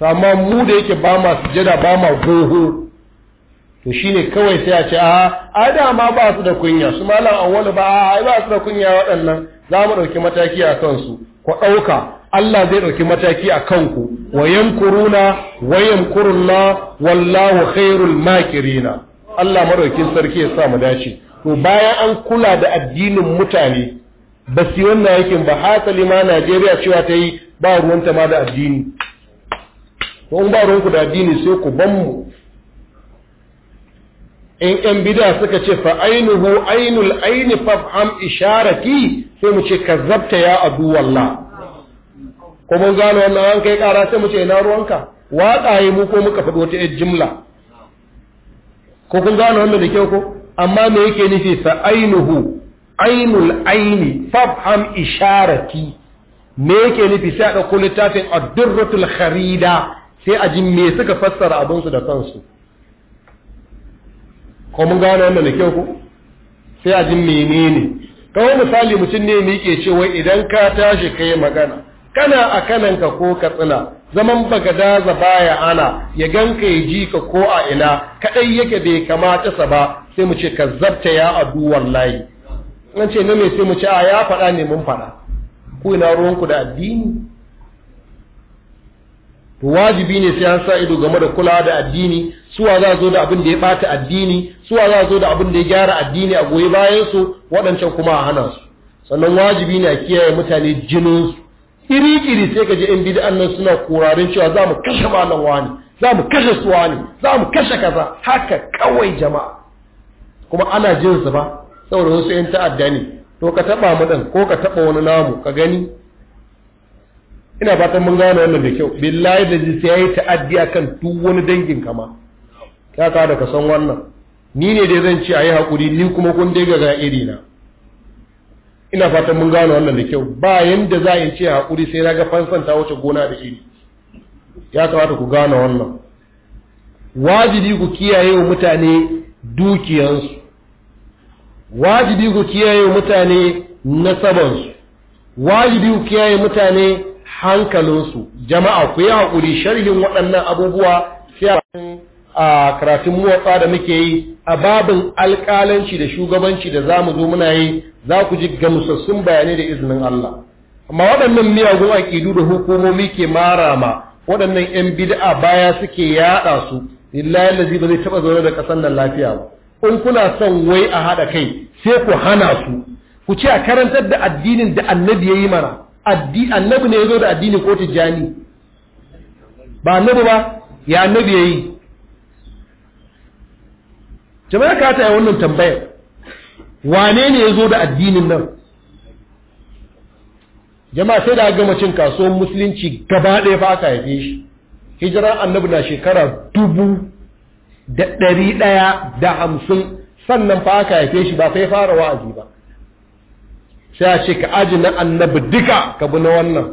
amma mu da yake ba ma sujada ba ma goho to shine kawai sai a ce a a dama ba su da kunya su malam awwalu ba a ba su da kunya waɗannan za mu ɗauki mataki a kansu ku ɗauka Allah zai ɗauki mataki a kanku wa yankuruna wa yankurullah wallahu khairul makirina Allah madaukin sarki ya sa mu dace to bayan an kula da addinin mutane ba su wannan yakin ba hasali ma najeriya cewa ta yi ba ruwanta ma da addini in ba ruwanku da addini sai ku ban mu in yan bida suka ce fa ainihu ainul aini ham isharati sai mu ce kazzabta ya abu wallah ko mun gano wannan an kai kara sai mu ce ina ruwanka yi mu ko muka faɗo ta jimla ko kun gano wannan da kyau ko amma me yake nufi fa ainihu ainul aini fafham isharati me yake nufi sai a ɗauko littafin addurratul kharida sai a ji me suka fassara abinsu da kansu ko mun gane wannan da kyau ko sai a ji menene kawai misali mutum ne miƙe cewa idan ka tashi ka yi magana kana a kananka ko ka tsina zaman baka daza baya ana ya ganka ya ji ka ko a ina kaɗai yake bai kamata sa ba sai mu ce ka zabta ya duwar wallahi an ce na mai sai mu ce a ya faɗa ne mun faɗa ku ina ruwanku da addini wajibi ne sai an sa ido game da kulawa da addini suwa za zo da abin da ya bata addini suwa za zo da abin da ya gyara addini a goyi bayansu waɗancan kuma a hana su sannan wajibi ne a kiyaye mutane jinin iri iri sai ka je in bid'an nan suna korarin cewa za mu kashe malam wani za mu kashe suwa ne za mu kashe kaza haka kawai jama'a kuma ana jin su ba saboda wasu yan ta'adda ne to ka taba mu dan ko ka taba wani namu ka gani ina fatan mun gane wannan da kyau billahi da jisi yayi ta'addi akan duk wani dangin kama ka ka da ka san wannan ni ne dai zan ci ayi hakuri ni kuma kun dai ga iri na ina fatan mun gane wannan da kyau ba yanda za a ce hakuri sai na ga fansan ta wuce gona da iri ya kamata ku gane wannan wajibi ku kiyaye wa mutane dukiyansu wajibi ku kiyaye mutane nasabansu wajibi ku kiyaye mutane hankalinsu jama'a ku yi haƙuri sharhin waɗannan abubuwa sai a karatun motsa da muke yi a babin alƙalanci da shugabanci da za mu zo muna yi za ku ji gamsassun bayanai da izinin Allah amma waɗannan miyagun aƙidu da hukumomi ke mara ma waɗannan 'yan bid'a baya suke yaɗa su lillahi lazi ba zai taɓa zaune da ƙasar nan lafiya ba in kuna son wai a haɗa kai sai ku hana su ku ce a karantar da addinin da annabi ya yi mana annabi ne ya zo da addini ko tijjani ba annabi ba ya annabi ya yi jama'a ka ta yi wannan tambayar wane ne ya zo da addinin nan jama'a sai da gama cin kasuwan musulunci gaba ɗaya fa aka haife shi hijira annabi na shekara dubu da ɗari ɗaya da hamsin sannan fa aka haife shi ba sai fara wa'azi ba sai a ce ka aji na annabi duka ka bi na wannan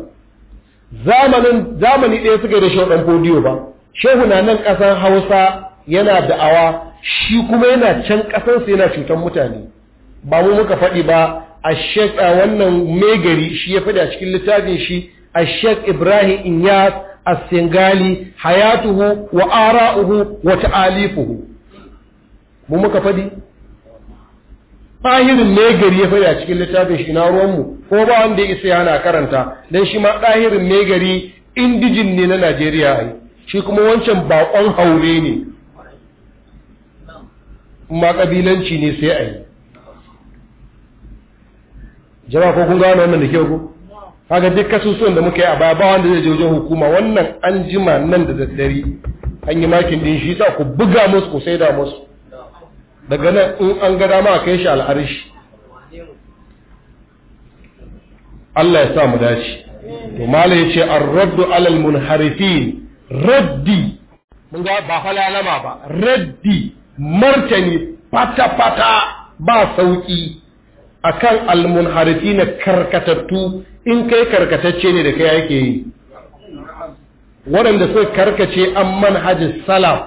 zamanin zamani ɗaya suka yi da shehu ɗan fodiyo ba shehu na nan ƙasar hausa yana da'awa shi kuma yana can ƙasarsa yana cutar mutane ba mu muka faɗi ba a shekara a wannan megari shi ya faɗi a cikin littafin shi الشيخ إبراهيم إنياس السنغالي حياته وآراؤه وتعاليفه mu muka faɗi ɗahirin ne gari ya faɗi a cikin littafin shi na ruwanmu ko ba wanda ya isa yana karanta don shi ma ɗahirin ne gari indijin ne na najeriya ai shi kuma wancan baƙon haure ne ma kabilanci ne sai ayi jama'a ko kun gane wannan da kyau ko kaga duk kasusuwan da muka yi a baya ba wanda zai je wajen hukuma wannan an jima nan da daddare an yi makin din shi sa ku buga musu ku saida musu daga nan in an ga dama kai shi al'arshi Allah ya sa mu dace to mala yace ar-raddu 'alal munharifin raddi mun ga ba halalama ba raddi martani fata fata ba sauki akan almunharifi na karkatattu in kai karkatacce ne da kai yake yi waɗanda sai karkace an manhajin salaf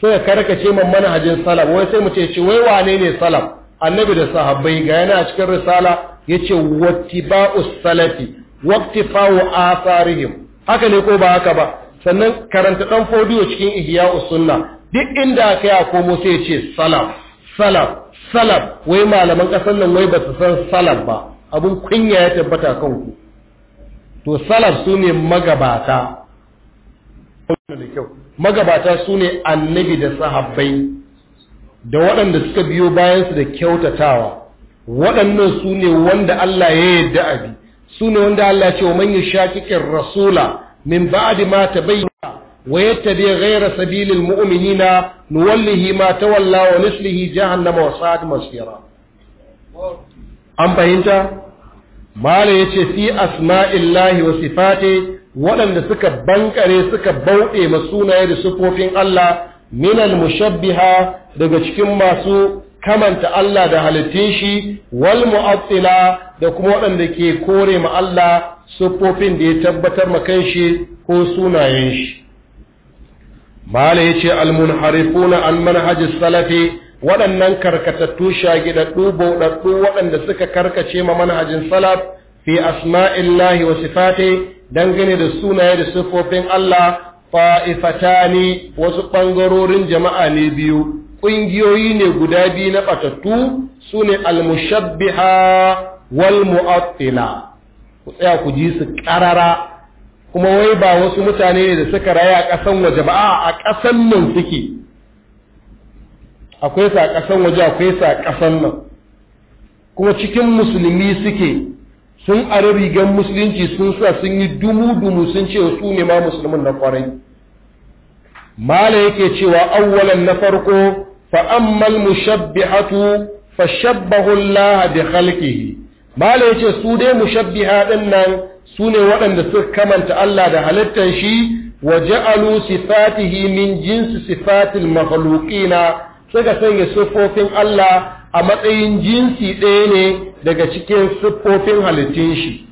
sai karkace man manhajin salaf wai sai mu ce ce wai wane ne salaf annabi da sahabbai ga yana cikin risala yace wattiba'u salafi waqtifa'u atharihim haka ne ko ba haka ba sannan karanta dan fodiyo cikin ihya'us sunna duk inda kai a komo sai ya ce salaf salaf salaf wai malaman ƙasar nan wai ba su san salaf ba abun kunya ya tabbata kanku to salaf su ne magabata magabata su annabi da sahabbai da waɗanda suka biyo bayansu da kyautatawa waɗannan su ne wanda Allah ya yarda abi su ne wanda Allah ce wa man yashaqiqir rasula min ba'di ma tabayyana wa yattabi ghayra sabilil mu'minina nuwallihi ma tawalla wa nuslihi jahannama wa sa'at masira an fahimta mala yace fi asma'illahi wa sifati waɗanda suka bankare suka bauɗe ma sunaye da sifofin Allah minal shabbiha daga cikin masu kamanta Allah da halittun shi wal mu'attila da kuma waɗanda ke kore ma Allah siffofin da ya tabbatar ma kanshi ko sunayen shi mala yace harifuna an manhajis salafi waɗannan karkatattu shagidaddu bauɗaɗɗu waɗanda suka karkace ma manhajin salaf fi asma'illahi wa sifati dangane da sunaye da siffofin Allah fa'ifatani wasu ɓangarorin jama'a ne biyu ƙungiyoyi ne guda biyu na ɓatattu su ne almushabbiha wal mu'attila ku tsaya ku ji su ƙarara kuma wai ba wasu mutane ne da suka raya a ƙasan waje ba a ƙasan nan suke akwai sa a ƙasan waje akwai sa a ƙasan nan kuma cikin musulmi suke sun ari rigan musulunci sun sa sun yi dumu-dumu sun ce su ne ma musulmin na kwarai mala yake cewa awwalan na farko fa fa'ammal mushabbihatu fa shabbahu Allah bi khalqihi mala yace su dai mushabbiha din nan su ne waɗanda suka kamanta Allah da halittar shi wa ja'alu sifatihi min jinsi sifatil makhluqina suka sanya siffofin Allah a matsayin jinsi ɗaya ne daga cikin siffofin halittun shi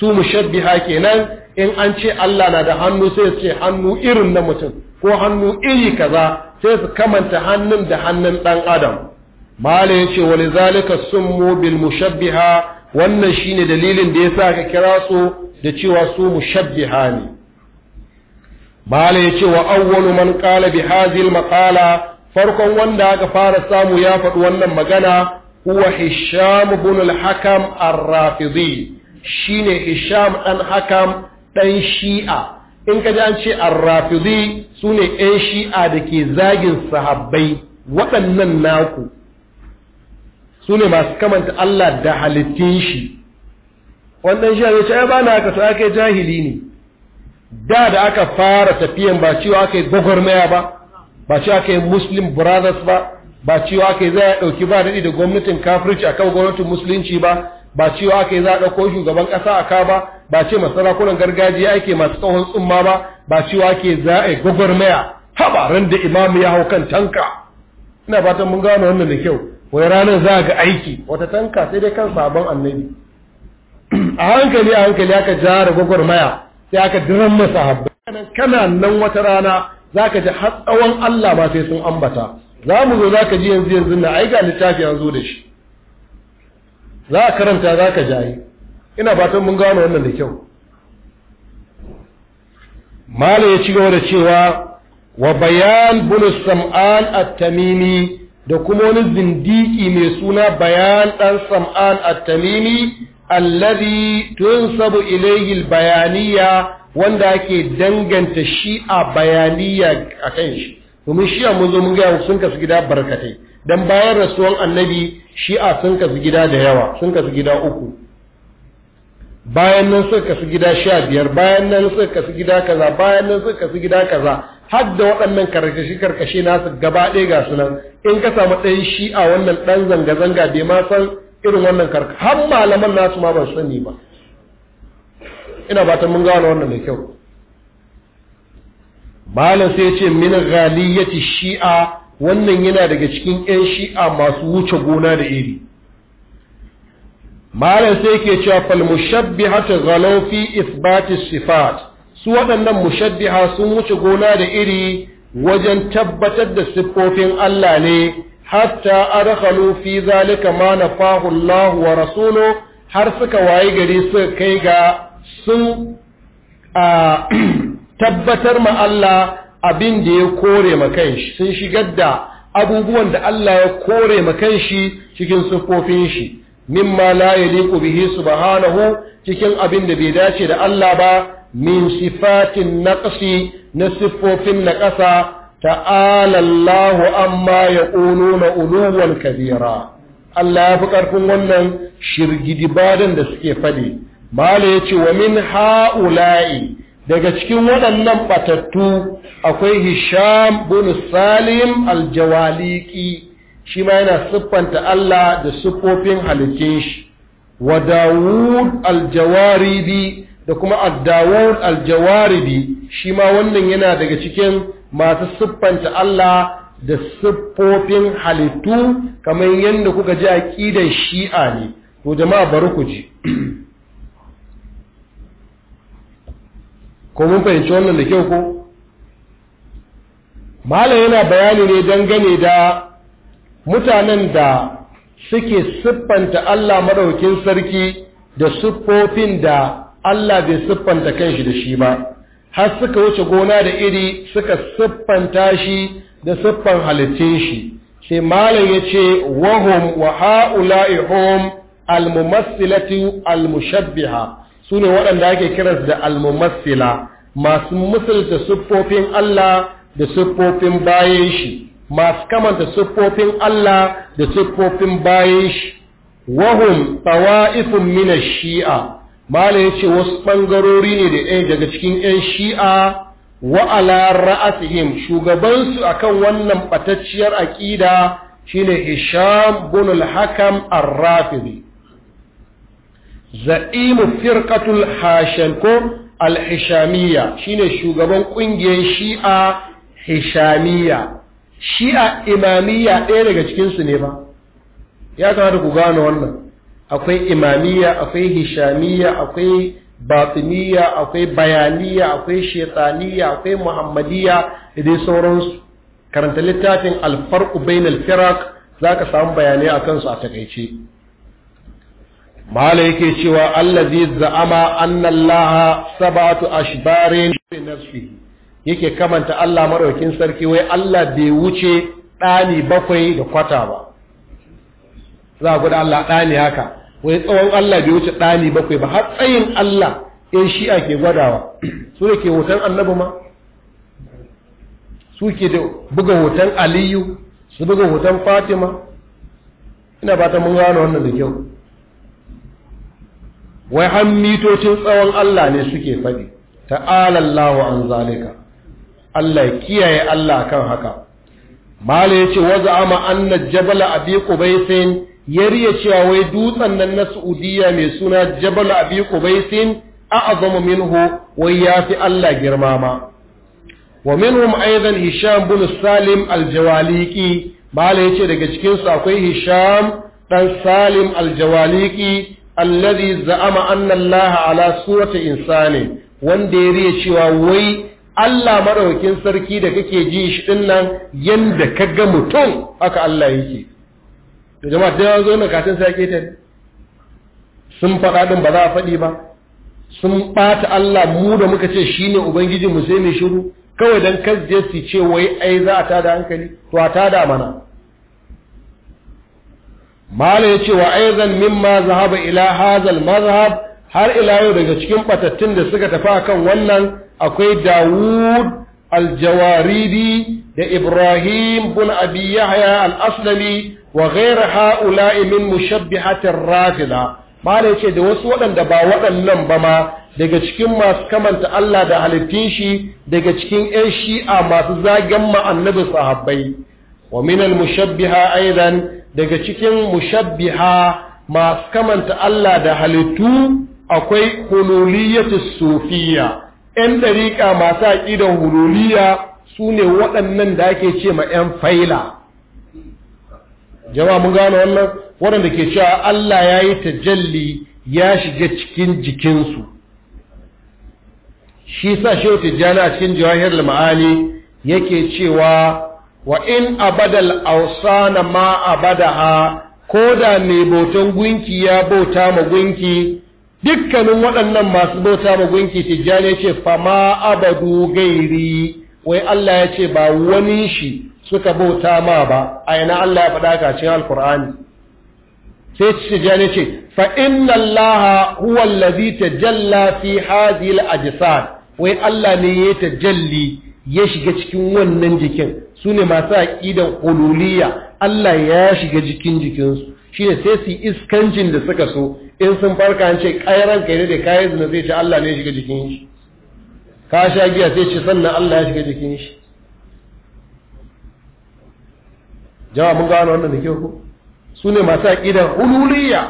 su mushabbiha kenan in an ce Allah na da hannu sai su ce hannu irin na mutum ko hannu iri kaza sai su kamanta hannun da hannun ɗan adam Malam ya ce wani zalika sun bil mushabbiha wannan shi ne dalilin da ya sa ka kira su da cewa su mu mushabbiha ne ya ce wa awwalu man qala bi hadhihi al-maqala farkon wanda aka fara samu ya faɗi wannan magana huwa hisham ibn al-hakam ar-rafidi shine hisham dan hakam dan shi'a in ka ji an ce ar-rafidi sune ɗan shi'a da ke zagin sahabbai waɗannan naku su ne masu kamanta Allah da halittin shi wannan shi ya ce ba na aka sai aka jahili ne da da aka fara tafiyan ba cewa aka yi gwagwarmaya ba ba cewa aka yi muslim brothers ba ba cewa aka yi za a ɗauki ba daɗi da gwamnatin kafirci a kan gwamnatin musulunci ba ba cewa aka yi za a ɗauko shugaban ƙasa a ka ba ba ce masarakunan gargajiya ake masu tsohon tsumma ba ba cewa ake za a yi gwagwarmaya haɓa ran da imamu ya hau kan tanka ina fatan mun gano wannan da kyau wai ranar za ga aiki wata tanka sai dai kan sabon annabi a hankali a hankali aka gwagwar gwagwarmaya sai aka diran masa habba kana nan wata rana za ka ji hatsawan Allah ba sai sun ambata za mu zo za ka ji yanzu yanzu na aika littafi an zo da shi za a karanta za ka jayi ina fatan mun gano wannan da kyau mala ya ci gaba da cewa wa bayan bulus sam'an at-tamimi da kuma wani zindiki mai suna bayan ɗan sam'an at-tamimi allazi tun sabu al-bayaniya wanda ake danganta shi'a bayaniya a kan shi domin shi'a mun muzo mun gaya sun kasu gida barkatai don bayan rasuwan annabi shi'a sun kasu gida da yawa sun kasu gida uku bayan nan suka kasu gida sha biyar bayan nan suka kasu gida kaza bayan nan suka kasu gida kaza har da waɗannan karkashi karkashe nasu gaba ɗaya ga sunan in ka samu shi shi'a wannan ɗan zanga-zanga bai ma san irin wannan karka har malaman nasu ma ban sani ba ina ba ta mun gano wannan mai kyau malam sai ya ce min ghaliyati shi'a wannan yana daga cikin 'yan shi'a masu wuce gona da iri malam sai ke cewa fal hata ghalau fi isbati sifat su waɗannan mushabbiha sun wuce gona da iri wajen tabbatar da siffofin Allah ne hatta adkhalu fi zalika ma nafahu Allah wa rasulu har suka wayi gari suka kai ga sun tabbatar ma Allah abin da ya kore ma kanshi sun shigar da abubuwan da Allah ya kore ma kanshi cikin siffofin shi mimma la yaliqu bihi subhanahu cikin abin da bai dace da Allah ba min sifatin naqsi na siffofin naqasa ta'ala Allahu amma na uluwan kabira Allah ya fi ƙarfin wannan badan da suke fade ya yace wa min haula'i daga cikin waɗannan batattu akwai Hisham bin Salim al-Jawaliki shi ma yana siffanta Allah da siffofin halittun shi wa Dawud al da kuma addawar aljawaridi shi ma wannan yana daga cikin masu siffanta Allah da siffofin halittu kamar yadda kuka ji ƙidan shi'a ne to jama'a bari ku ji ko mun fahimci wannan da kyau ko malam yana bayani ne dangane da mutanen da suke siffanta Allah madaukin sarki da siffofin da Allah bai siffanta kanshi da shi ba har suka wuce gona da iri suka siffanta shi da siffan halittun shi sai malam ya ce wahum wa ha'ula'i hum almumassilatu almushabbiha su ne waɗanda ake kiransu da almumassila masu musulta siffofin Allah da siffofin bayan shi masu kamanta siffofin Allah da siffofin bayan shi wahum tawa'ifun mina shi'a ya yace wasu ɓangarori ne da ɗaya daga cikin ɗan shi'a wa ala ra'asihim shugaban su akan wannan ɓatacciyar aƙida shine Hisham bin al-Hakam ar-Rafidi za'imu firkatul Hashim ko al-Hishamiyya shine shugaban ƙungiyar shi'a Hishamiyya shi'a imamiyya ɗaya daga cikin ne ba ya kamata ku gano wannan akwai imamiyya akwai hishamiyya akwai batsuniya, akwai bayaniya akwai shaitaniya akwai muhammadiyya da dai sauransu karanta littafin alfarku bainal firak za ka samu bayanai a kansu a takaice mahala yake cewa allazi za'ama annallaha sabatu ashbarin nafsihi yake kamanta Allah maraukin sarki wai Allah bai wuce ɗani bakwai da kwata ba za ku da Allah ɗani haka wai tsawon Allah bai wuce ɗani bakwai ba har tsayin Allah yan shi'a ke gwadawa su ne ke hoton annabi ma su ke da buga hoton aliyu su buga hoton fatima ina ba ta mun gano wannan da kyau wai han mitocin tsawon Allah ne suke faɗi ta'alallahu an zalika Allah ya kiyaye Allah kan haka mala ya ce waza ama anna jabala abi qubaisin ya riya cewa wai dutsen nan na Saudiya mai suna Jabal Abi Qubaisin a'zamu minhu wai yafi Allah girma ma wa minhum aidan Hisham bin Salim al-Jawaliki bala yace daga cikin su akwai Hisham dan Salim al-Jawaliki alladhi za'ama anna Allah ala surati insani wanda ya riya cewa wai Allah maraukin sarki da kake ji shi dinnan yanda ga mutum haka Allah yake to jama'a da ya zo na katin sai sun faɗa din ba za a faɗi ba sun ɓata Allah mu da muka ce shine ubangiji mu sai mai shiru kawai dan je su ce wai ai za a tada hankali to a tada mana mala ya ce wa aizan mimma zahaba ila hazal mazhab har ila yau daga cikin batattun da suka tafi akan wannan akwai dawud aljawaribi da Ibrahim bin Abi Yahya al-Aslami wa ghair ha'ula'i min mushabbihatir rafida malai ce da wasu waɗanda ba waɗannan ba ma daga cikin masu kamanta Allah da halittun shi daga cikin ƴan shi'a masu zagen annabi sahabbai wa min al-mushabbiha aidan daga cikin mushabbiha masu kamanta Allah da halittu akwai hululiyatus sufiya Yan dariƙa masu aƙidan hululiya su ne waɗannan da ake ce ma 'yan faila jama'a mun gano wannan waɗanda ke cewa Allah ya yi tajalli ya shiga cikin jikinsu shi sa wata tijjani a cikin jawahir ma'ani yake cewa wa in abadal ausana ma ha ko da mai bautan gunki ya bauta ma gunki dukkanin waɗannan masu bauta ma gunki tijjani ya ce fama abadu gairi wai Allah ya ce ba wani shi suka bauta ma ba a yana Allah ya faɗa kacin alkur'ani sai ci jani ce fa inna Allah huwa allazi tajalla fi hadhihi al wai Allah ne ya tajalli ya shiga cikin wannan jikin sune masu aƙidan hululiyya Allah ya shiga jikin jikinsu shine sai su iskancin da suka so in sun farka an ce kai ranka ne da kai zina zai ce Allah ne ya shiga jikin shi ka sha giya sai ce sannan Allah ya shiga jikin shi jama'a mun gano wannan da kyau ko su ne masu aƙidar hululiyya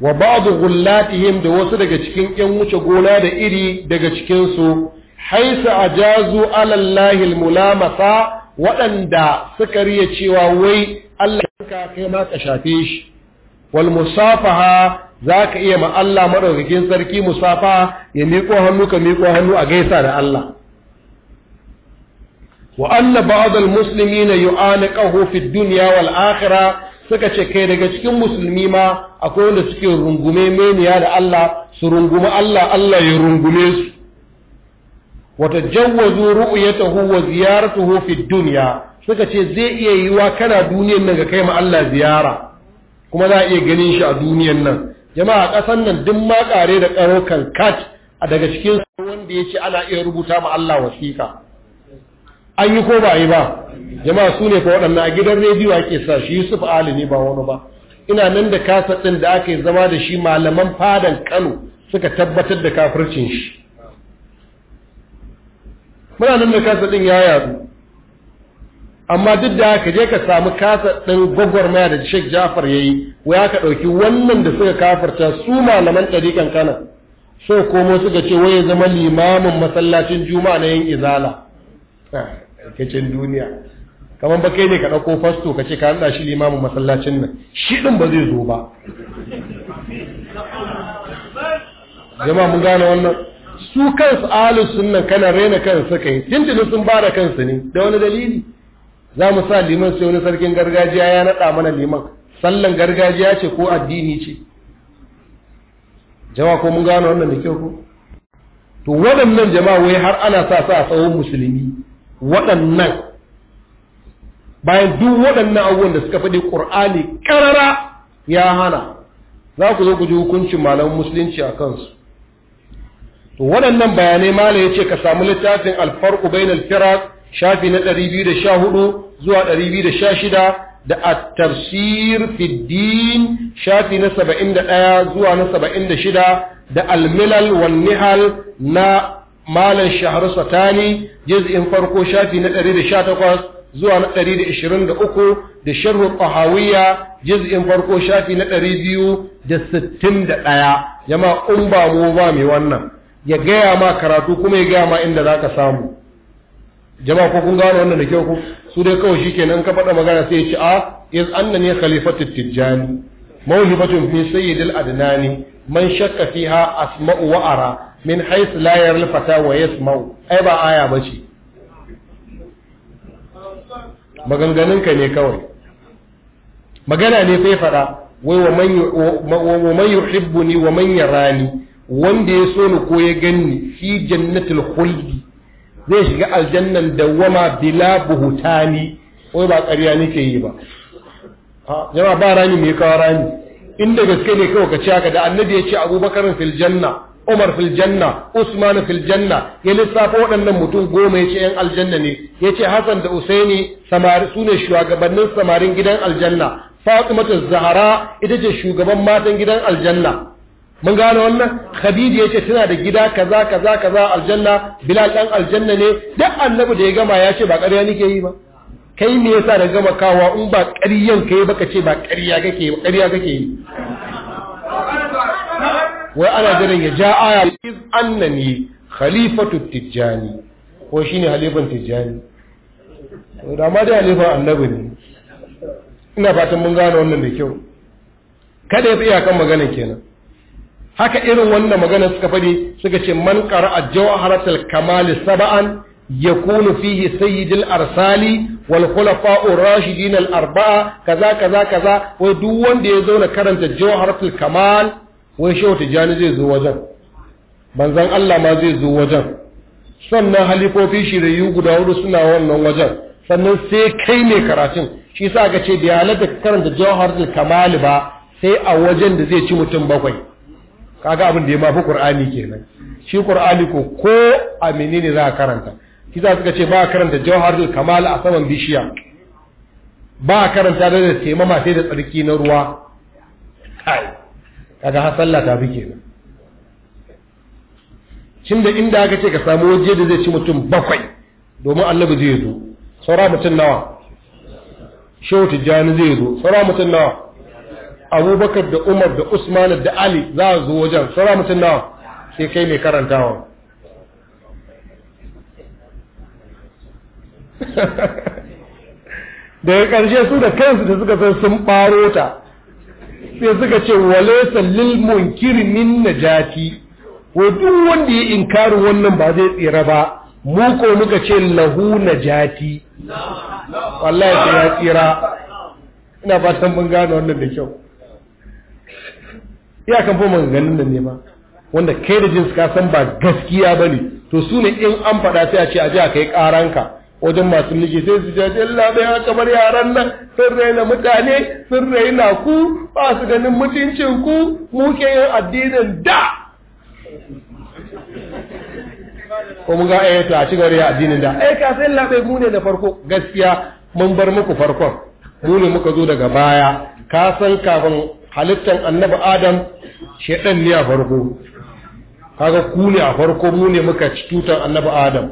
wa ba'du gullatihim da wasu daga cikin ƴan wuce gona da iri daga cikin su haisa ajazu alallahi almulamasa waɗanda suka riya cewa wai Allah ka kai ma ka shafe shi wal musafaha za ka iya ma Allah maɗaukakin sarki musafa ya miƙo hannu ka miƙo hannu a gaisa da Allah wa anna ba'd al muslimina yu'aniqahu fi dunya wal akhirah suka ce kai daga cikin musulmi ma akwai wanda suke rungume meniya da Allah su rungume Allah Allah ya rungume su wa tajawwazu ru'yatahu wa ziyaratuhu fi dunya suka ce zai iya yiwa kana duniyar nan ga kai ma Allah ziyara kuma za a iya ganin shi a duniyan nan jama'a ƙasan nan duk ma ƙare da ƙarokan kat a daga cikin wanda ya ce ana iya rubuta ma Allah wasiƙa an yi ko ba yi ba jama'a su ne fa waɗannan a gidan rediyo ake sa shi yusuf ali ne ba wani ba ina nan da kasa ɗin da aka yi zama da shi malaman fadan kano suka tabbatar da kafircin shi muna nan da kasa ɗin ya yadu amma duk da haka je ka samu kasa ɗin gwagwarmaya da Sheikh Jafar ya yi wai ka ɗauki wannan da suka kafarta su malaman ɗariƙan kana so komo suka ce wai ya zama limamin masallacin juma'a na yin izala ah, kacin duniya kamar bakai ne ka ɗauko fasto ka ce ka haɗa shi limamin masallacin nan shi ɗin ba zai zo ba jama'a mun gane wannan su kansu ahlus nan kana rena kansu kai tuntunin sun ba da kansu ne da wani dalili za mu sa liman sai wani sarkin gargajiya ya naɗa mana liman sallan gargajiya ce ko addini ce jama'a ko mun gano wannan da kyau ko to waɗannan jama'a wai har ana sa sa a tsawon musulmi waɗannan bayan duk waɗannan abubuwan da suka faɗi ƙur'ani ƙarara ya hana za ku zo ku ji hukuncin malamin musulunci a kansu to waɗannan bayanai malam ya ce ka samu littafin alfarku bainal firaq shafi na 214 zuwa 216 da at-tafsir fi din shafi na 71 zuwa na 76 da al-milal wan nihal na malan shahar satani juz'in farko shafi na 118 zuwa na 123 da sharh tahawiyya juz'in farko shafi na da jama'a Yama ba mu ba mai wannan ya gaya ma karatu kuma ya gaya ma inda zaka samu jama'a ko kun gano wannan da kyau ko su dai kawai shikenan ka faɗa magana sai ya ce a ah, iz annani khalifatu tijjani mawhibatun fi sayyidil adnani man shakka fiha asma'u wa ara min haythu la yara fata wa yasma'u ai ba aya bace maganganun ka ne kawai magana ne sai faɗa wai wa man yuhibbuni wa man yarani wanda ya so ni ko ya ganni fi jannatul khuldi zai shiga aljannan dawwama bila buhutani wai ba ƙarya ke yi ba jama'a ba rani mai kawo rani inda gaske ne kawai ka ci haka da annabi ya ce abubakar fil janna umar fil janna usman fil janna ya lissafa waɗannan mutum goma ya ce yan aljanna ne ya ce hassan da usaini samari su ne shugabannin samarin gidan aljanna fatimatu zahara ita ce shugaban matan gidan aljanna mun gane wannan khadija yace tana da gida kaza kaza kaza aljanna bilal dan aljanna ne duk annabi da ya gama ya ce ba ƙarya nake yi ba kai me yasa da gama kawa in ba ƙaryan kai baka ce ba ƙarya kake ba ƙarya kake yi wai ana jiran ya ja aya iz annani khalifatu tijjani ko shine halifan tijani to da ma dai halifan annabi ne ina fatan mun gane wannan da kyau kada ya tsaya kan maganar kenan haka irin wannan magana suka fadi suka ce man qara'a jawharatul kamal sab'an yakunu fihi sayyidul arsali wal khulafa'ur rashidin al arba'a kaza kaza kaza wai duk wanda ya zauna karanta jawharatul kamal wai shehu tijani zai zo wajen Banzan Allah ma zai zo wajen sannan halifofi shirayu guda hudu suna wannan wajen sannan sai kai ne karatun shi sa aka ce da ya halatta karanta jawharatul kamal ba sai a wajen da zai ci mutum bakwai kaga abin da ya mafi qur'ani kenan shi qur'ani ko ko a menene za a karanta kisa suka ce ba a karanta jawharul kamal a saman bishiya ba a karanta da da taimama sai da tsarki na ruwa kai kaga har sallah ta fi kenan cin da inda aka ce ka samu waje da zai ci mutum bakwai domin annabi zai zo saura mutum nawa shehu tijjani zai zo saura mutum nawa abubakar da umar da usman da ali za a zo wajen sura mutum nawa sai kai mai karantawa daga ƙarshe su da kansu da suka san sun ɓaro ta sai suka ce walaisa lil munkiri min najati ko duk wanda ya inkari wannan ba zai tsira ba mu ko muka ce lahu najati wallahi ya tsira ina fatan mun gane wannan da kyau iyakan fa ganin da ne ba wanda kai da jinsu ka san ba gaskiya bane to su ne in an faɗa sai a ce a ji a kai ƙaranka wajen masu liki sai su jaje labe a kamar yaran nan sun raina mutane sun raina ku ba su ganin mutuncin ku ke yin addinin da ko mun ga ayyata eh, a cigaba da addinin da ai eh, ka sai mu ne da farko gaskiya mun bar muku farkon mu ne muka zo daga baya ka san kafin halittan annabi adam shedan ne a farko kaga ku ne a farko mu ne muka ci tutan annabi adam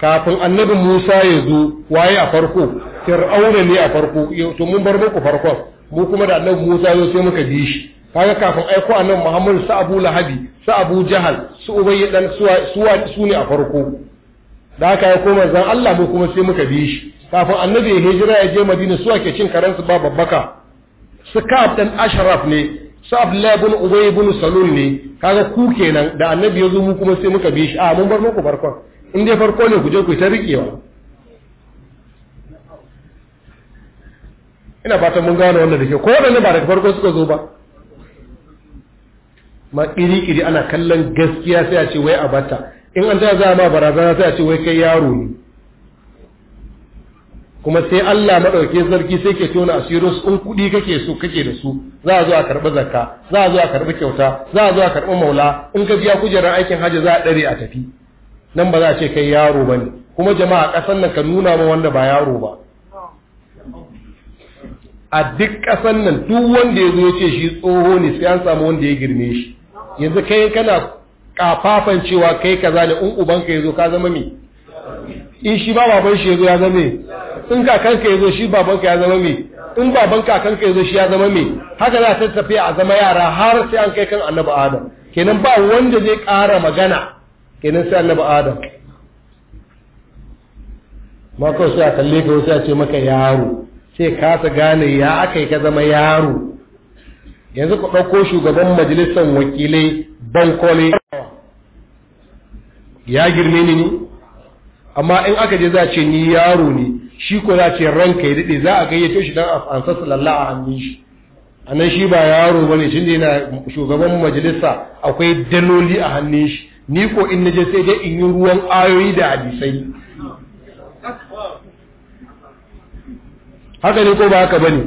kafin annabi musa ya zo waye a farko fir'auna ne a farko to mun bar muku farkon mu kuma da annabi musa zo sai muka bi shi kaga kafin aiko annabi muhammad su abu lahabi su abu jahal su ubayy dan suwa su ne a farko da ya koma zan allah mu kuma sai muka bi shi kafin annabi ya hijira ya je madina su ke cin karansu ba babbaka su kaf dan ashraf ne su abdullahi ibn ubay ibn salul ne kaga ku kenan da annabi ya zo mu kuma sai muka bi shi a mun bar muku farkon in dai farko ne ku je ku ta riƙewa ina fatan mun gane wannan da ke ko ne ba daga farko suka zo ba ma iri iri ana kallon gaskiya sai a ce wai a in an ta za ma barazana sai a ce wai kai yaro ne kuma sai Allah madauke sarki sai ke tona asirin su in kudi kake so kake da su za a zo a karbi zakka za a zo a karbi kyauta za a zo a karbi maula in ka biya kujerar aikin hajji za a dare a tafi nan ba za a ce kai yaro bane kuma jama'a kasan nan ka nuna ma wanda ba yaro ba a duk kasan nan duk wanda ya zo ya ce shi tsoho ne sai an samu wanda ya girme shi yanzu kai kana kafafan cewa kai kaza ne in ka ya zo ka zama me in shi ba baban shi ya zo ya zama in kakanka ya zo shi babanka ya zama me in baban kakanka ya zo shi ya zama me haka za ta tafi a zama yara har sai an kai kan annabi adam kenan ba wanda zai ƙara magana kenan sai annabi adam mako sai a kalle ka wasu ya ce maka yaro sai kasa gane ya aka yi ka zama yaro yanzu ku ɗauko shugaban majalisar wakilai bankole ya girme ni ne amma in aka je za ce ni yaro ne shi ko za ce ranka ya daɗe za a gayyato shi don a ansa sallallahu a hannun shi a nan shi ba yaro ba ne shi ne na shugaban majalisa akwai daloli a hannun shi ni ko in na je sai dai in yi ruwan ayoyi da hadisai haka ne ko ba haka ba ne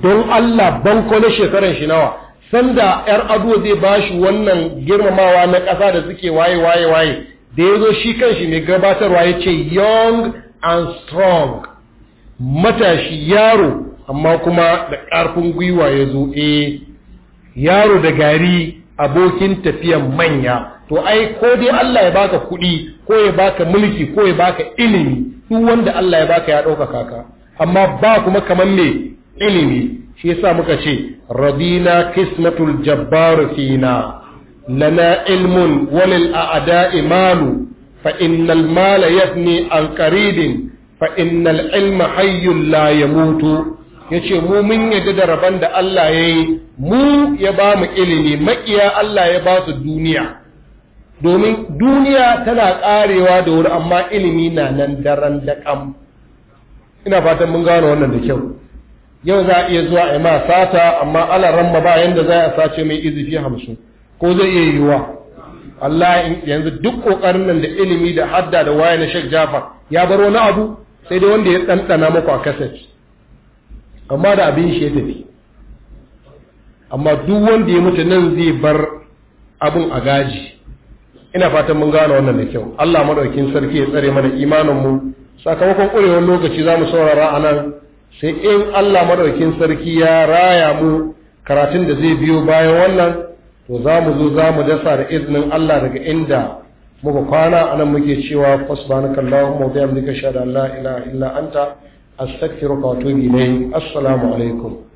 don allah banko na shekaran shi nawa sanda yar ado zai ba shi wannan girmamawa na ƙasa da suke waye waye waye da ya zo shi kanshi mai gabatarwa ya ce young and strong matashi yaro amma kuma da ƙarfin gwiwa ya zo eh yaro da gari abokin tafiyan manya to ai ko dai Allah ya baka kuɗi ko ya baka mulki ko ya baka ilimi duk wanda Allah ya baka ya ɗaukaka ka amma ba kuma kamar me ilimi shi yasa muka ce radina kismatul jabbar fina lana ilmun walil a'da imalu fa innal mala yafni an fa innal ilma hayyul la yamutu yace mu mun yadda da rabon da Allah yayi mu ya ba mu ilimi makiya Allah ya ba su duniya domin duniya tana karewa da wuri amma ilimi na nan daren da kam ina fatan mun gano wannan da kyau yau za a iya zuwa a ma sata amma ala ramma ba yanda za a sace mai izifi hamsin ko zai iya yiwuwa Allah yanzu duk kokarin nan da ilimi da hadda da waya na Sheikh Jafar ya bar wani abu sai dai wanda ya ɗanɗana muku a kasafi amma da abin shi ya tafi amma duk wanda ya mutu nan zai bar abin a gaji ina fatan mun gane wannan da kyau Allah maɗaukin sarki ya tsare mana imaninmu sakamakon ƙurewar lokaci za mu saurara a nan sai in Allah maɗaukin sarki ya raya mu karatun da zai biyo bayan wannan to za mu zo za mu dasa da izinin Allah daga inda muka kwana anan muke cewa subhanaka allahumma wa bihamdika shada la ilaha illa anta astaghfiruka wa atubu ilayk assalamu alaikum